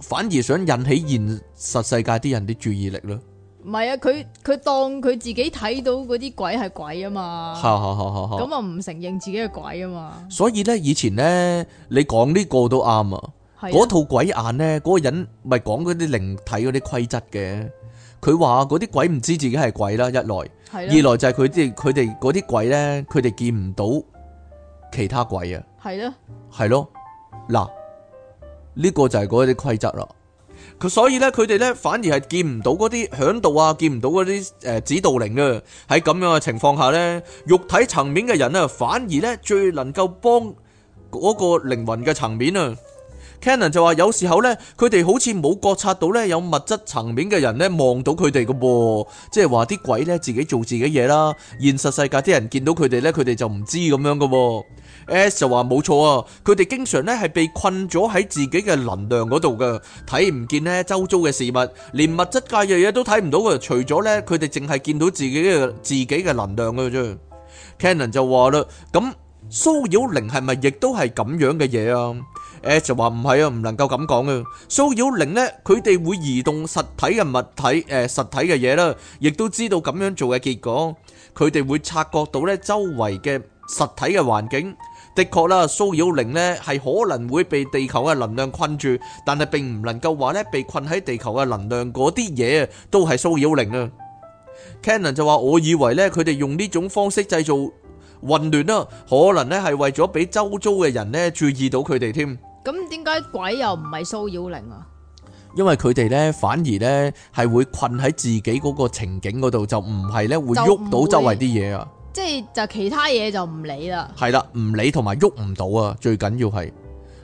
反而想引起現實世界啲人啲注意力咯。唔係啊，佢佢當佢自己睇到嗰啲鬼係鬼啊嘛，咁啊唔承認自己係鬼啊嘛。所以咧，以前呢，你講呢個都啱啊。嗰套鬼眼咧，嗰個人咪講嗰啲靈體嗰啲規則嘅。佢話嗰啲鬼唔知自己係鬼啦，一來，二來就係佢哋佢哋嗰啲鬼咧，佢哋見唔到其他鬼啊。係咯，係咯。嗱，呢個就係嗰啲規則啦。佢所以咧，佢哋咧反而係見唔到嗰啲響度啊，見唔到嗰啲誒指導靈啊。喺咁樣嘅情況下咧，肉體層面嘅人咧，反而咧最能夠幫嗰個靈魂嘅層面啊。Canon 就話有時候咧，佢哋好似冇覺察到咧，有物質層面嘅人咧望到佢哋噶噃，即係話啲鬼咧自己做自己嘢啦。現實世界啲人見到佢哋咧，佢哋就唔知咁樣噶。S 就話冇錯啊，佢哋經常咧係被困咗喺自己嘅能量嗰度噶，睇唔見咧周遭嘅事物，連物質界嘅嘢都睇唔到噶，除咗咧佢哋淨係見到自己嘅自己嘅能量噶啫。Canon 就話啦，咁騷擾靈係咪亦都係咁樣嘅嘢啊？誒就話唔係啊，唔能夠咁講啊！騷擾靈咧，佢哋會移動實體嘅物體，誒實體嘅嘢啦，亦都知道咁樣做嘅結果。佢哋會察覺到咧周圍嘅實體嘅環境。的確啦，騷擾靈咧係可能會被地球嘅能量困住，但係並唔能夠話咧被困喺地球嘅能量嗰啲嘢都係騷擾靈啊。Canon 就話：我以為咧佢哋用呢種方式製造混亂啦，可能咧係為咗俾周遭嘅人咧注意到佢哋添。咁點解鬼又唔係騷擾靈啊？因為佢哋咧，反而咧係會困喺自己嗰個情景嗰度，就唔係咧會喐到周圍啲嘢啊。即係就其他嘢就唔理啦。係啦，唔理同埋喐唔到啊，最緊要係。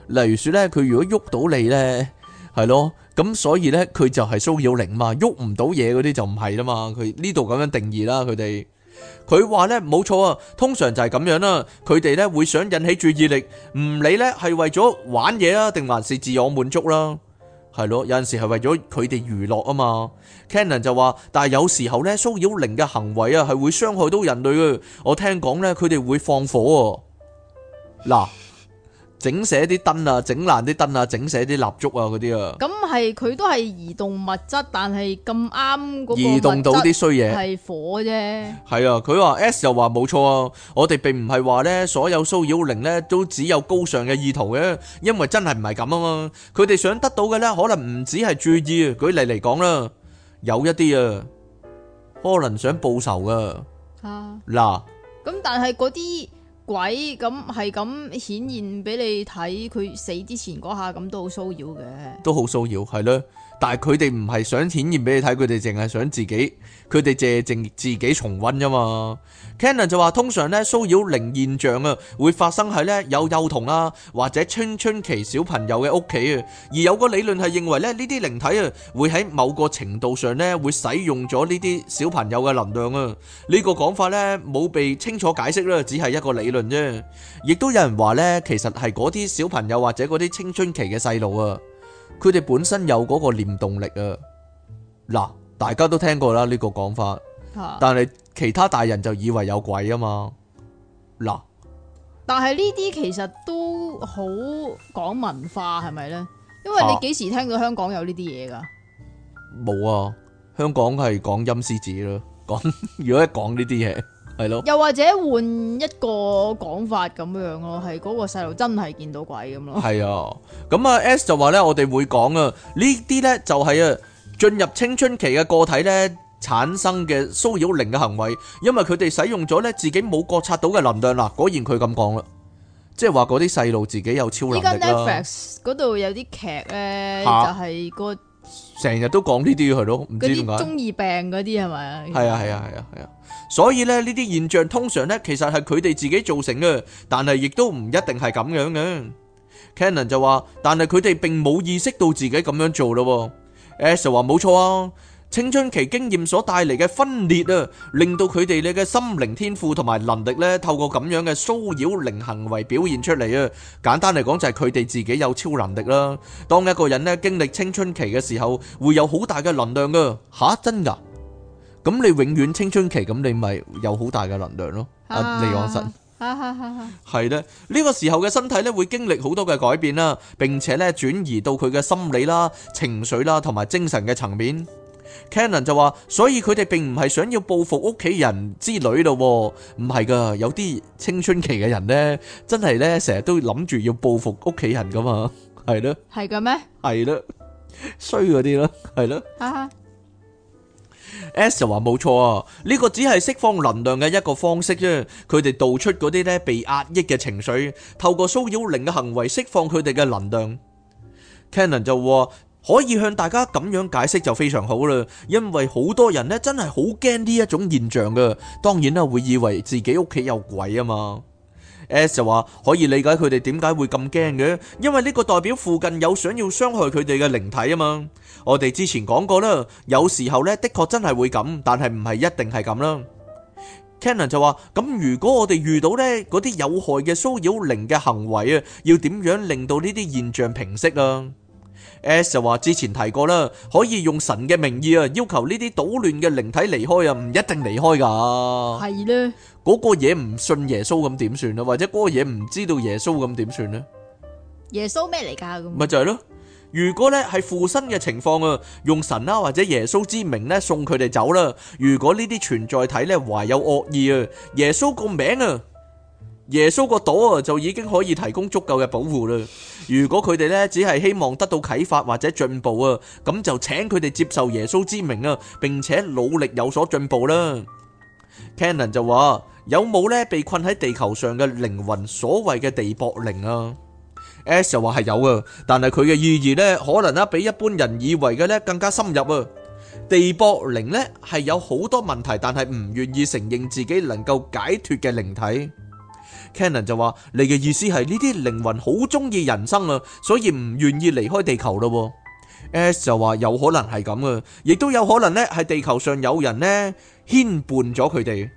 例如說咧，佢如果喐到你咧，係咯，咁所以咧佢就係騷擾靈嘛，喐唔到嘢嗰啲就唔係啦嘛。佢呢度咁樣定義啦，佢哋。佢話呢冇錯啊，通常就係咁樣啦。佢哋呢會想引起注意力，唔理呢係為咗玩嘢啊，定還是自我滿足啦？係咯，有陣時係為咗佢哋娛樂啊嘛。Cannon 就話，但係有時候呢，騷擾靈嘅行為啊，係會傷害到人類嘅。我聽講呢，佢哋會放火喎。嗱。整寫啲燈啊，整爛啲燈啊，整寫啲蠟燭啊，嗰啲啊。咁係佢都係移動物質，但係咁啱移動到啲衰嘢係火啫。係啊，佢話 S 又話冇錯啊，我哋並唔係話咧所有騷擾靈咧都只有高尚嘅意圖嘅，因為真係唔係咁啊嘛。佢哋想得到嘅咧，可能唔止係注意啊。舉例嚟講啦，有一啲啊，可能想報仇啊。吓嗱，咁但係嗰啲。鬼咁係咁顯現俾你睇，佢死之前嗰下咁都好騷擾嘅，都好騷擾，係咯。但係佢哋唔係想顯現俾你睇，佢哋淨係想自己。佢哋就淨自己重溫啫嘛。Cannon 就話：通常咧騷擾靈現象啊，會發生喺咧有幼童啊，或者青春期小朋友嘅屋企啊。而有個理論係認為咧，呢啲靈體啊，會喺某個程度上咧，會使用咗呢啲小朋友嘅能量啊。呢個講法咧，冇被清楚解釋啦，只係一個理論啫。亦都有人話咧，其實係嗰啲小朋友或者嗰啲青春期嘅細路啊，佢哋本身有嗰個念動力啊。嗱。大家都聽過啦，呢個講法，但係其他大人就以為有鬼啊嘛。嗱，但係呢啲其實都好講文化係咪呢？因為你幾時聽到香港有呢啲嘢噶？冇啊，香港係講陰司子咯，講如果一講呢啲嘢係咯，又或者換一個講法咁樣咯，係嗰個細路真係見到鬼咁咯。係啊，咁啊 S 就話呢，我哋會講啊，呢啲呢就係啊。進入青春期嘅個體咧，產生嘅騷擾靈嘅行為，因為佢哋使用咗咧自己冇覺察到嘅能量嗱。果然佢咁講啦，即係話嗰啲細路自己有超能力啦。Netflix 嗰度有啲劇咧，就係個成日都講呢啲係咯，唔知中二病嗰啲係咪？係啊係啊係啊係啊！所以咧呢啲現象通常咧其實係佢哋自己造成嘅，但係亦都唔一定係咁樣嘅。Cannon 就話：但係佢哋並冇意識到自己咁樣做咯。S 話冇錯啊，青春期經驗所帶嚟嘅分裂啊，令到佢哋你嘅心靈天賦同埋能力呢，透過咁樣嘅騷擾靈行為表現出嚟啊。簡單嚟講就係佢哋自己有超能力啦。當一個人呢經歷青春期嘅時候，會有好大嘅能量噶，吓，真噶？咁你永遠青春期，咁你咪有好大嘅能量咯。阿、啊、李安神。係咧，呢、 這個時候嘅身體咧，會經歷好多嘅改變啦，並且咧轉移到佢嘅心理啦、情緒啦同埋精神嘅層面。Cannon 就話，所以佢哋並唔係想要報復屋企人之類咯，唔係噶，有啲青春期嘅人咧，真係咧成日都諗住要報復屋企人噶嘛，係咯，係噶咩？係咯是的， 衰嗰啲咯，係咯。 S, S 就話冇錯啊，呢、呢個只係釋放能量嘅一個方式啫，佢哋道出嗰啲咧被壓抑嘅情緒，透過騷擾靈嘅行為釋放佢哋嘅能量。Cannon 就話，可以向大家咁樣解釋就非常好啦，因為好多人呢真係好驚呢一種現象噶，當然啦會以為自己屋企有鬼啊嘛。S 就話，可以理解佢哋點解會咁驚嘅，因為呢個代表附近有想要傷害佢哋嘅靈體啊嘛。我哋之前講過啦，有時候呢，的確真係會咁，但係唔係一定係咁啦。Cannon 就話：咁如果我哋遇到呢嗰啲有害嘅騷擾靈嘅行為啊，要點樣令到呢啲現象平息啊？S 就話：之前提過啦，可以用神嘅名義啊，要求呢啲搗亂嘅靈體離開啊，唔一定離開㗎。係呢，嗰個嘢唔信耶穌咁點算啊？或者嗰個嘢唔知道耶穌咁點算咧？耶穌咩嚟㗎？咁咪就係咯。如果咧係附身嘅情況啊，用神啊或者耶穌之名咧送佢哋走啦。如果呢啲存在體咧懷有惡意啊，耶穌個名啊，耶穌個道啊，就已經可以提供足夠嘅保護啦。如果佢哋咧只係希望得到啟發或者進步啊，咁就請佢哋接受耶穌之名啊，並且努力有所進步啦。Cannon 就話：有冇咧被困喺地球上嘅靈魂所謂嘅地縛靈啊？S, S 就話係有啊，但係佢嘅意義呢，可能呢比一般人以為嘅呢更加深入啊。地博靈呢，係有好多問題，但係唔願意承認自己能夠解脫嘅靈體。Canon 就話：你嘅意思係呢啲靈魂好中意人生啊，所以唔願意離開地球咯。S 就話有可能係咁啊，亦都有可能呢，係地球上有人呢牽絆咗佢哋。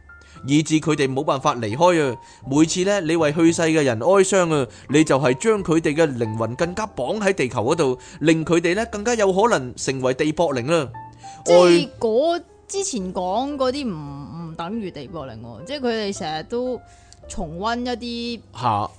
以致佢哋冇辦法離開啊！每次咧，你為去世嘅人哀傷啊，你就係將佢哋嘅靈魂更加綁喺地球嗰度，令佢哋咧更加有可能成為地縛靈啦。即係嗰之前講嗰啲唔唔等於地縛靈，即係佢哋成日都重溫一啲吓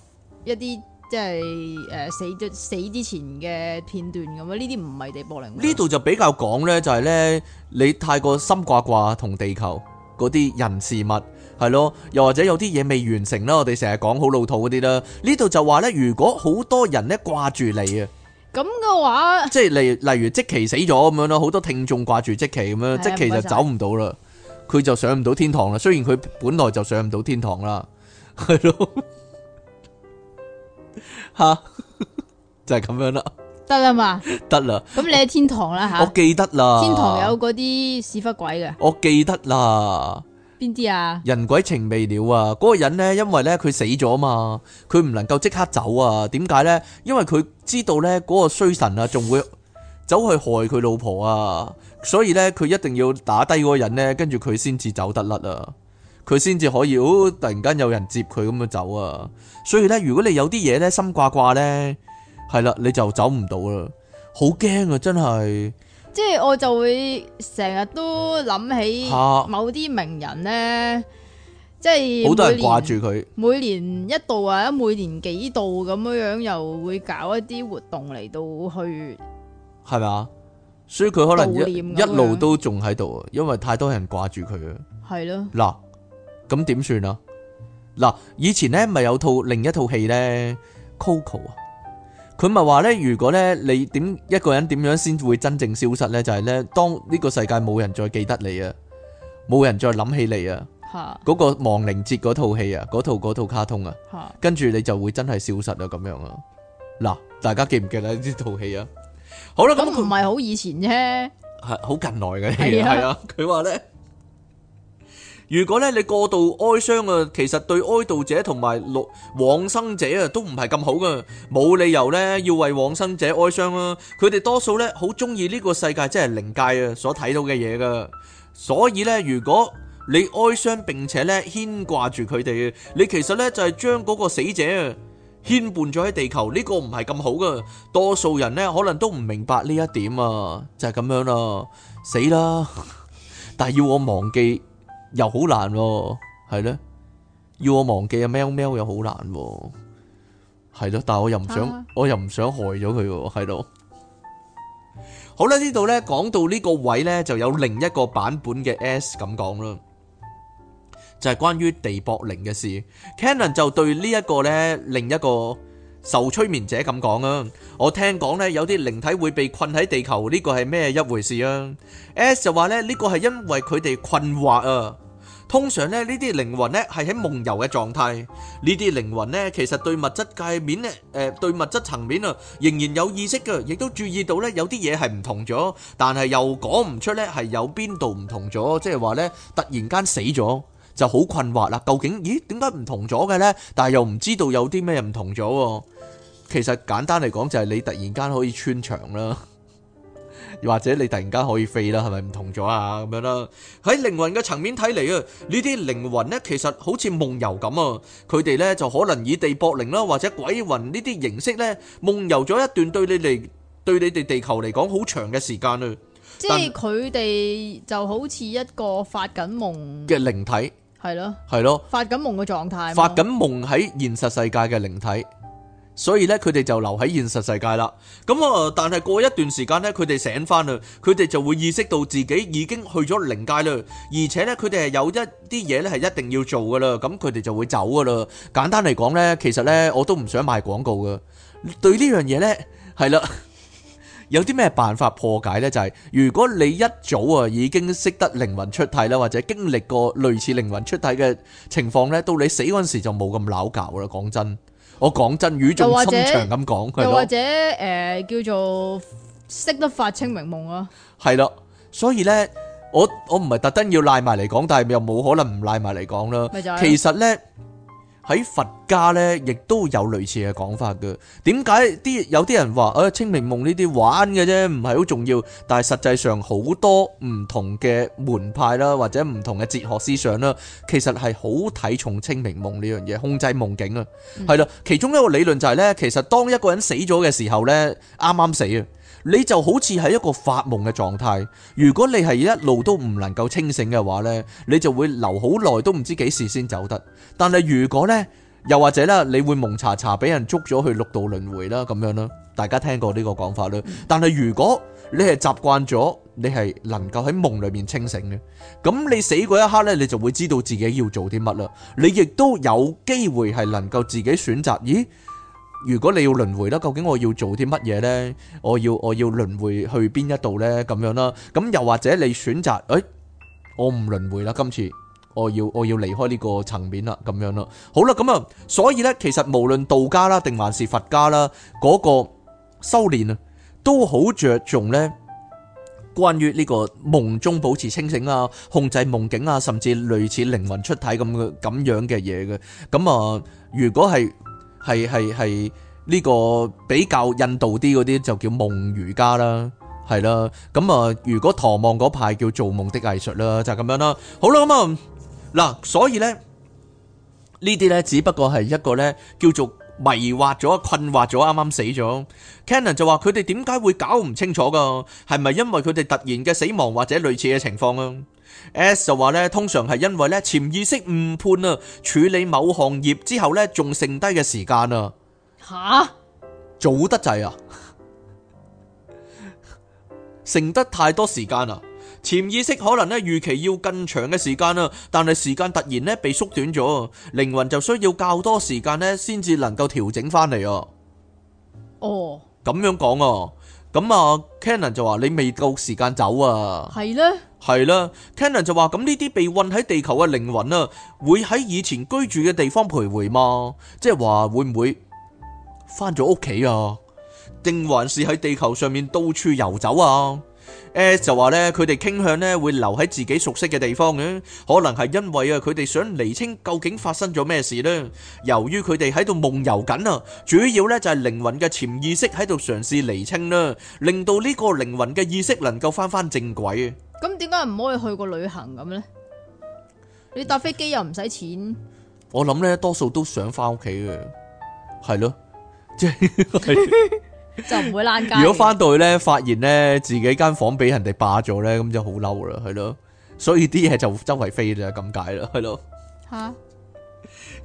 一啲即係誒死咗死之前嘅片段咁啊！呢啲唔係地縛靈。呢度就比較講咧，就係咧你太過心掛掛同地球嗰啲人事物。係咯，又或者有啲嘢未完成啦，我哋成日講好老土嗰啲啦。呢度就話咧，如果好多人咧掛住你啊，咁嘅話，即係例例如即其死咗咁樣咯，好多聽眾掛住即其咁樣，哎、呀即其就走唔到啦，佢就上唔到天堂啦。雖然佢本來就上唔到天堂啦，係咯，吓 就係咁樣啦，得啦嘛，得啦 了，咁你喺天堂啦吓，我，我記得啦，天堂有嗰啲屎忽鬼嘅，我記得啦。人鬼情未了啊！嗰個人呢，因為呢，佢死咗嘛，佢唔能夠即刻走啊？點解呢？因為佢知道呢，嗰個衰神啊，仲會走去害佢老婆啊，所以呢，佢一定要打低嗰個人呢，跟住佢先至走得甩啊，佢先至可以好、哦、突然間有人接佢咁啊走啊！所以呢，如果你有啲嘢呢，心掛掛呢，係啦你就走唔到啦，好驚啊！真係。即係我就會成日都諗起某啲名人咧，啊、即係好多人掛住佢，每年一度啊，每年幾度咁樣樣又會搞一啲活動嚟到去，係咪啊？所以佢可能一,一,一路都仲喺度，因為太多人掛住佢啊。係咯的，嗱，咁點算啊？嗱，以前咧咪有套另一套戲咧，Coco 啊。佢咪話咧，如果咧你點一個人點樣先會真正消失咧，就係咧當呢個世界冇人再記得你啊，冇人再諗起你啊，嗰個亡靈節嗰套戲啊，嗰套嗰套卡通啊，跟住你就會真係消失啦咁樣啊。嗱，大家記唔記得呢套戲啊？好啦，咁唔係好以前啫，係好近來嘅戲係啊。佢話咧。如果咧你過度哀傷啊，其實對哀悼者同埋往生者啊都唔係咁好噶，冇理由咧要為往生者哀傷啊。佢哋多數咧好中意呢個世界，即係靈界啊所睇到嘅嘢噶。所以咧，如果你哀傷並且咧牽掛住佢哋，你其實咧就係將嗰個死者牽絆咗喺地球，呢個唔係咁好噶。多數人咧可能都唔明白呢一點啊，就係咁樣啦，死啦！但係要我忘記，又好難喎，係咧，要我忘記啊喵喵又好難喎，係咯，但係我又唔想，我又唔想害咗佢喎，係咯，好啦，呢度咧講到呢個位咧，就有另一個版本嘅 S 咁講啦，就係關於地縛靈嘅事。Cannon 就對呢一個咧，另一個受催眠者咁講啊，我聽講咧有啲靈體會被困喺地球，呢個係咩一回事啊？S 就話咧呢個係因為佢哋困惑啊。通常咧，呢啲靈魂咧係喺夢遊嘅狀態。呢啲靈魂咧，其實對物質界面咧，誒、呃、對物質層面啊，仍然有意識嘅，亦都注意到咧有啲嘢係唔同咗，但係又講唔出咧係有邊度唔同咗。即係話咧，突然間死咗就好困惑啦。究竟咦點解唔同咗嘅呢？但係又唔知道有啲咩唔同咗。其實簡單嚟講就係你突然間可以穿牆啦。或者你突然間可以飛啦，係咪唔同咗啊？咁樣啦，喺靈魂嘅層面睇嚟啊，呢啲靈魂呢，其實好似夢遊咁啊，佢哋呢，就可能以地縛靈啦或者鬼魂呢啲形式呢，夢遊咗一段對你哋對你哋地球嚟講好長嘅時間啊。即係佢哋就好似一個發緊夢嘅靈體，係咯，係咯的，的發緊夢嘅狀態，發緊夢喺現實世界嘅靈體。所以咧，佢哋就留喺現實世界啦。咁啊，但係過一段時間咧，佢哋醒翻啦，佢哋就會意識到自己已經去咗靈界啦。而且咧，佢哋係有一啲嘢咧，係一定要做噶啦。咁佢哋就會走噶啦。簡單嚟講咧，其實咧，我都唔想賣廣告噶。對呢樣嘢咧，係啦，有啲咩辦法破解咧？就係如果你一早啊已經識得靈魂出體啦，或者經歷過類似靈魂出體嘅情況咧，到你死嗰陣時就冇咁拗撬啦。講真。我講真，語重心長咁講，就的或者誒、呃，叫做識得發清明夢啊，係咯，所以咧，我我唔係特登要賴埋嚟講，但係又冇可能唔賴埋嚟講啦。的其實咧。喺佛家呢，亦都有類似嘅講法嘅。點解啲有啲人話啊，清明夢呢啲玩嘅啫，唔係好重要。但係實際上好多唔同嘅門派啦，或者唔同嘅哲學思想啦，其實係好睇重清明夢呢樣嘢，控制夢境啊。係啦、嗯，其中一個理論就係、是、呢，其實當一個人死咗嘅時候呢，啱啱死啊。你就好似係一個發夢嘅狀態，如果你係一路都唔能夠清醒嘅話呢，你就會留好耐都唔知幾時先走得。但係如果呢，又或者咧，你會蒙查查俾人捉咗去六道輪迴啦，咁樣啦，大家聽過呢個講法啦。但係如果你係習慣咗，你係能夠喺夢裏面清醒嘅，咁你死嗰一刻呢，你就會知道自己要做啲乜啦。你亦都有機會係能夠自己選擇，咦？如果你要輪回啦，究竟我要做啲乜嘢呢？我要我要輪回去邊一度呢？咁樣啦，咁又或者你選擇，誒，我唔輪回啦，今次我要我要離開呢個層面啦，咁樣咯。好啦，咁啊，所以呢，其實無論道家啦，定還是佛家啦，嗰個修煉啊，都好着重呢，關於呢個夢中保持清醒啊，控制夢境啊，甚至類似靈魂出體咁嘅咁樣嘅嘢嘅。咁啊，如果係。係係係呢個比較印度啲嗰啲就叫夢瑜伽啦，係啦。咁啊，如果唐望嗰派叫做夢的藝術啦，就係咁樣啦。好啦，咁啊嗱，所以咧呢啲咧，只不過係一個咧叫做迷惑咗、困惑咗、啱啱死咗。Cannon 就話：佢哋點解會搞唔清楚㗎？係咪因為佢哋突然嘅死亡或者類似嘅情況啊？S, S 就話咧，通常係因為咧潛意識誤判啊，處理某項業之後咧，仲剩低嘅時間啊，吓早得滯啊，剩得太多時間啊，潛意識可能咧預期要更長嘅時間啊，但係時間突然咧被縮短咗，靈魂就需要較多時間咧先至能夠調整翻嚟啊。哦，咁樣講啊。咁啊，Canon 就話你未夠時間走啊，係呢？係啦啊。Canon 就話咁呢啲被困喺地球嘅靈魂啊，會喺以前居住嘅地方徘徊嗎？即係話會唔會翻咗屋企啊？定還是喺地球上面到處遊走啊？誒，就話咧，佢哋傾向咧會留喺自己熟悉嘅地方嘅，可能係因為啊，佢哋想厘清究竟發生咗咩事啦。由於佢哋喺度夢遊緊啊，主要咧就係靈魂嘅潛意識喺度嘗試厘清啦，令到呢個靈魂嘅意識能夠翻翻正軌。咁點解唔可以去個旅行咁咧？你搭飛機又唔使錢。我諗咧，多數都想翻屋企嘅，係咯，即係。就唔會爛街。如果翻到去咧，發現咧自己間房俾人哋霸咗咧，咁就好嬲啦，係咯。所以啲嘢就周圍飛啦，咁解啦，係咯。吓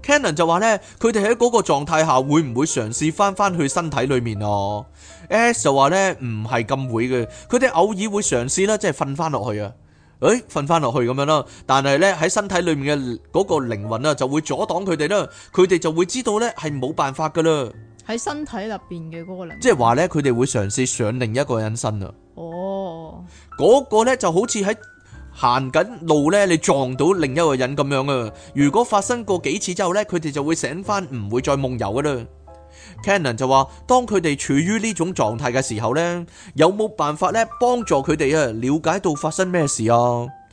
，Cannon 就話咧，佢哋喺嗰個狀態下會唔會嘗試翻翻去身體裏面哦？S 就話咧，唔係咁會嘅，佢哋偶爾會嘗試啦，即係瞓翻落去啊。誒，瞓翻落去咁樣咯，但係咧喺身體裏面嘅嗰個靈魂啊，就會阻擋佢哋啦，佢哋就會知道咧係冇辦法噶啦。喺身體入邊嘅嗰個靈，即係話咧，佢哋會嘗試上另一個人身啊！哦，嗰個咧就好似喺行緊路咧，你撞到另一個人咁樣啊！如果發生過幾次之後咧，佢哋就會醒返，唔會再夢遊㗎喇。Cannon 就話，當佢哋處於呢種狀態嘅時候咧，有冇辦法咧幫助佢哋啊？了解到發生咩事啊？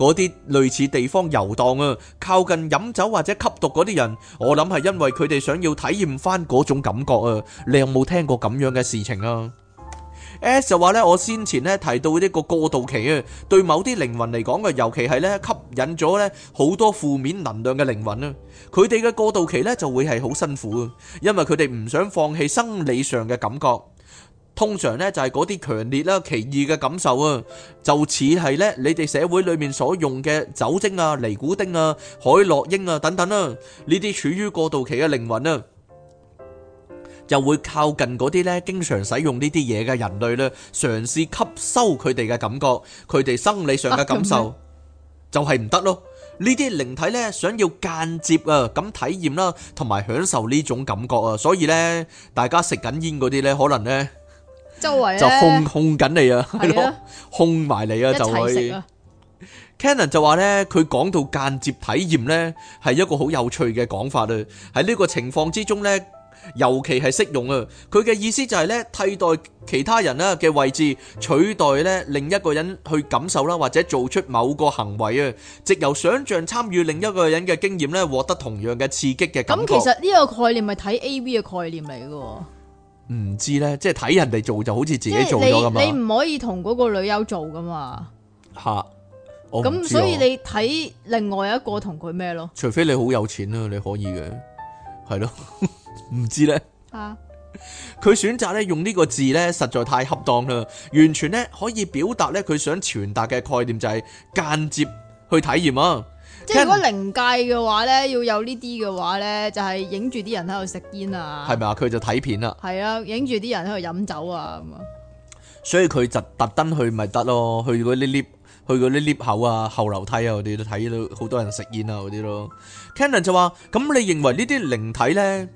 嗰啲類似地方遊蕩啊，靠近飲酒或者吸毒嗰啲人，我諗係因為佢哋想要體驗翻嗰種感覺啊。你有冇聽過咁樣嘅事情啊？S 就話咧，我先前咧提到呢個過渡期啊，對某啲靈魂嚟講嘅，尤其係咧吸引咗咧好多負面能量嘅靈魂啊，佢哋嘅過渡期咧就會係好辛苦啊，因為佢哋唔想放棄生理上嘅感覺。通常咧就係嗰啲強烈啦、奇異嘅感受啊，就似係咧你哋社會裏面所用嘅酒精啊、尼古丁啊、海洛因啊等等啊，呢啲處於過渡期嘅靈魂啊，就會靠近嗰啲咧經常使用呢啲嘢嘅人類咧，嘗試吸收佢哋嘅感覺，佢哋生理上嘅感受，就係唔得咯。呢啲靈體咧想要間接啊咁體驗啦，同埋享受呢種感覺啊，所以咧大家食緊煙嗰啲咧，可能咧。周圍，就控控緊你啊，係咯，控埋你啊，就會。Canon 就話咧，佢講到間接體驗咧，係一個好有趣嘅講法啊。喺呢個情況之中咧，尤其係適用啊。佢嘅意思就係咧，替代其他人啊嘅位置，取代咧另一個人去感受啦，或者做出某個行為啊，藉由想像參與另一個人嘅經驗咧，獲得同樣嘅刺激嘅感覺。咁其實呢個概念係睇 AV 嘅概念嚟嘅。唔知呢，即係睇人哋做就好似自己做咗咁啊！你唔可以同嗰個女優做噶嘛？吓，我咁所以你睇另外一個同佢咩咯？除非你好有錢啦、啊，你可以嘅，係咯，唔知呢？吓、啊？佢選擇咧用呢個字呢，實在太恰當啦，完全呢，可以表達呢，佢想傳達嘅概念就係、是、間接去體驗啊！即係如果靈界嘅話咧，要有呢啲嘅話咧，就係影住啲人喺度食煙啊。係咪啊？佢就睇片啦。係啊，影住啲人喺度飲酒啊，咁啊。所以佢就特登去咪得咯，去嗰啲 lift，去嗰啲 lift 口啊、後樓梯啊，我哋都睇到好多人食煙啊嗰啲咯。Cannon 就話：咁你認為呢啲靈體咧，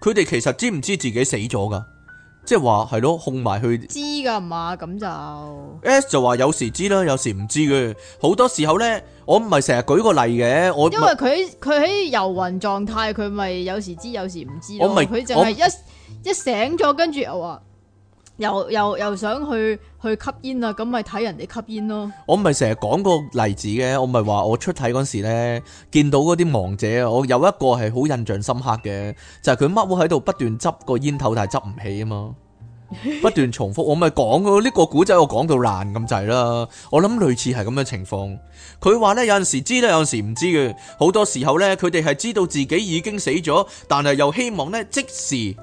佢哋其實知唔知自己死咗㗎？即係話係咯，控埋佢，知噶嘛，咁就 S 就話有時知啦，有時唔知嘅。好多時候咧，我唔係成日舉個例嘅，我因為佢佢喺遊魂狀態，佢咪有時知，有時唔知。我唔，佢淨係一一醒咗，跟住又話。又又又想去去吸煙啊！咁咪睇人哋吸煙咯。我唔係成日講個例子嘅，我咪話我出體嗰時呢，見到嗰啲亡者啊，我有一個係好印象深刻嘅，就係佢乜都喺度不斷執個煙頭，但係執唔起啊嘛，不斷重複。我咪、這個、講過呢個古仔，我講到爛咁滯啦。我諗類似係咁嘅情況。佢話呢，有陣時知咧，有陣時唔知嘅。好多時候呢，佢哋係知道自己已經死咗，但係又希望呢，即時，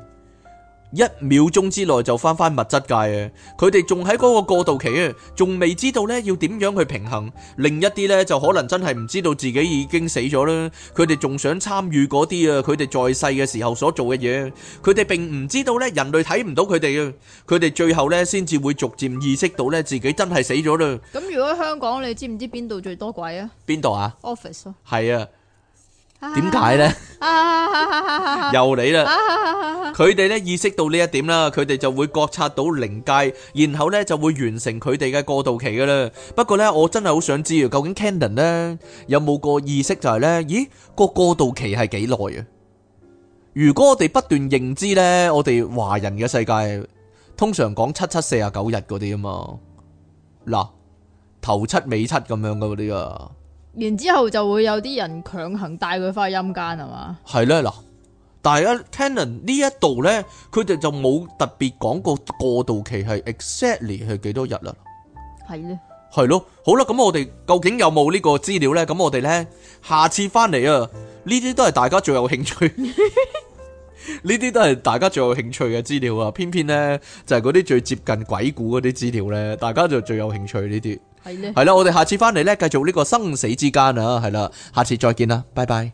一秒鐘之內就返返物質界啊。佢哋仲喺嗰個過渡期，啊，仲未知道呢要點樣去平衡。另一啲呢，就可能真係唔知道自己已經死咗啦，佢哋仲想參與嗰啲啊，佢哋在世嘅時候所做嘅嘢，佢哋並唔知道呢人類睇唔到佢哋啊，佢哋最後呢先至會逐漸意識到呢，自己真係死咗啦。咁如果香港，你知唔知邊度最多鬼啊？邊度啊？Office？係啊。點解呢？ 又嚟啦了！佢哋呢意識到呢一點啦，佢哋就會覺察到靈界，然後呢就會完成佢哋嘅過渡期噶啦。不過呢，我真係好想知道，究竟 Candon 呢有冇個意識就係、是、呢：咦，個過渡期係幾耐啊？如果我哋不斷認知呢，我哋華人嘅世界通常講七七四十九日嗰啲啊嘛，嗱頭七尾七咁樣噶嗰啲啊。然之後就會有啲人強行帶佢翻去陰間係嘛？係咧嗱，但係咧，Tanner 呢一度咧，佢哋就冇特別講過過渡期係 exactly 係幾多日啦。係咧的，係咯，好啦，咁我哋究竟有冇呢個資料咧？咁我哋咧下次翻嚟啊，呢啲都係大家最有興趣，呢啲 都係大家最有興趣嘅資料啊！偏偏咧就係嗰啲最接近鬼故嗰啲資料咧，大家就最有興趣呢啲。係咧，係啦，我哋下次翻嚟咧，繼續呢個生死之間啊，係啦，下次再見啦，拜拜。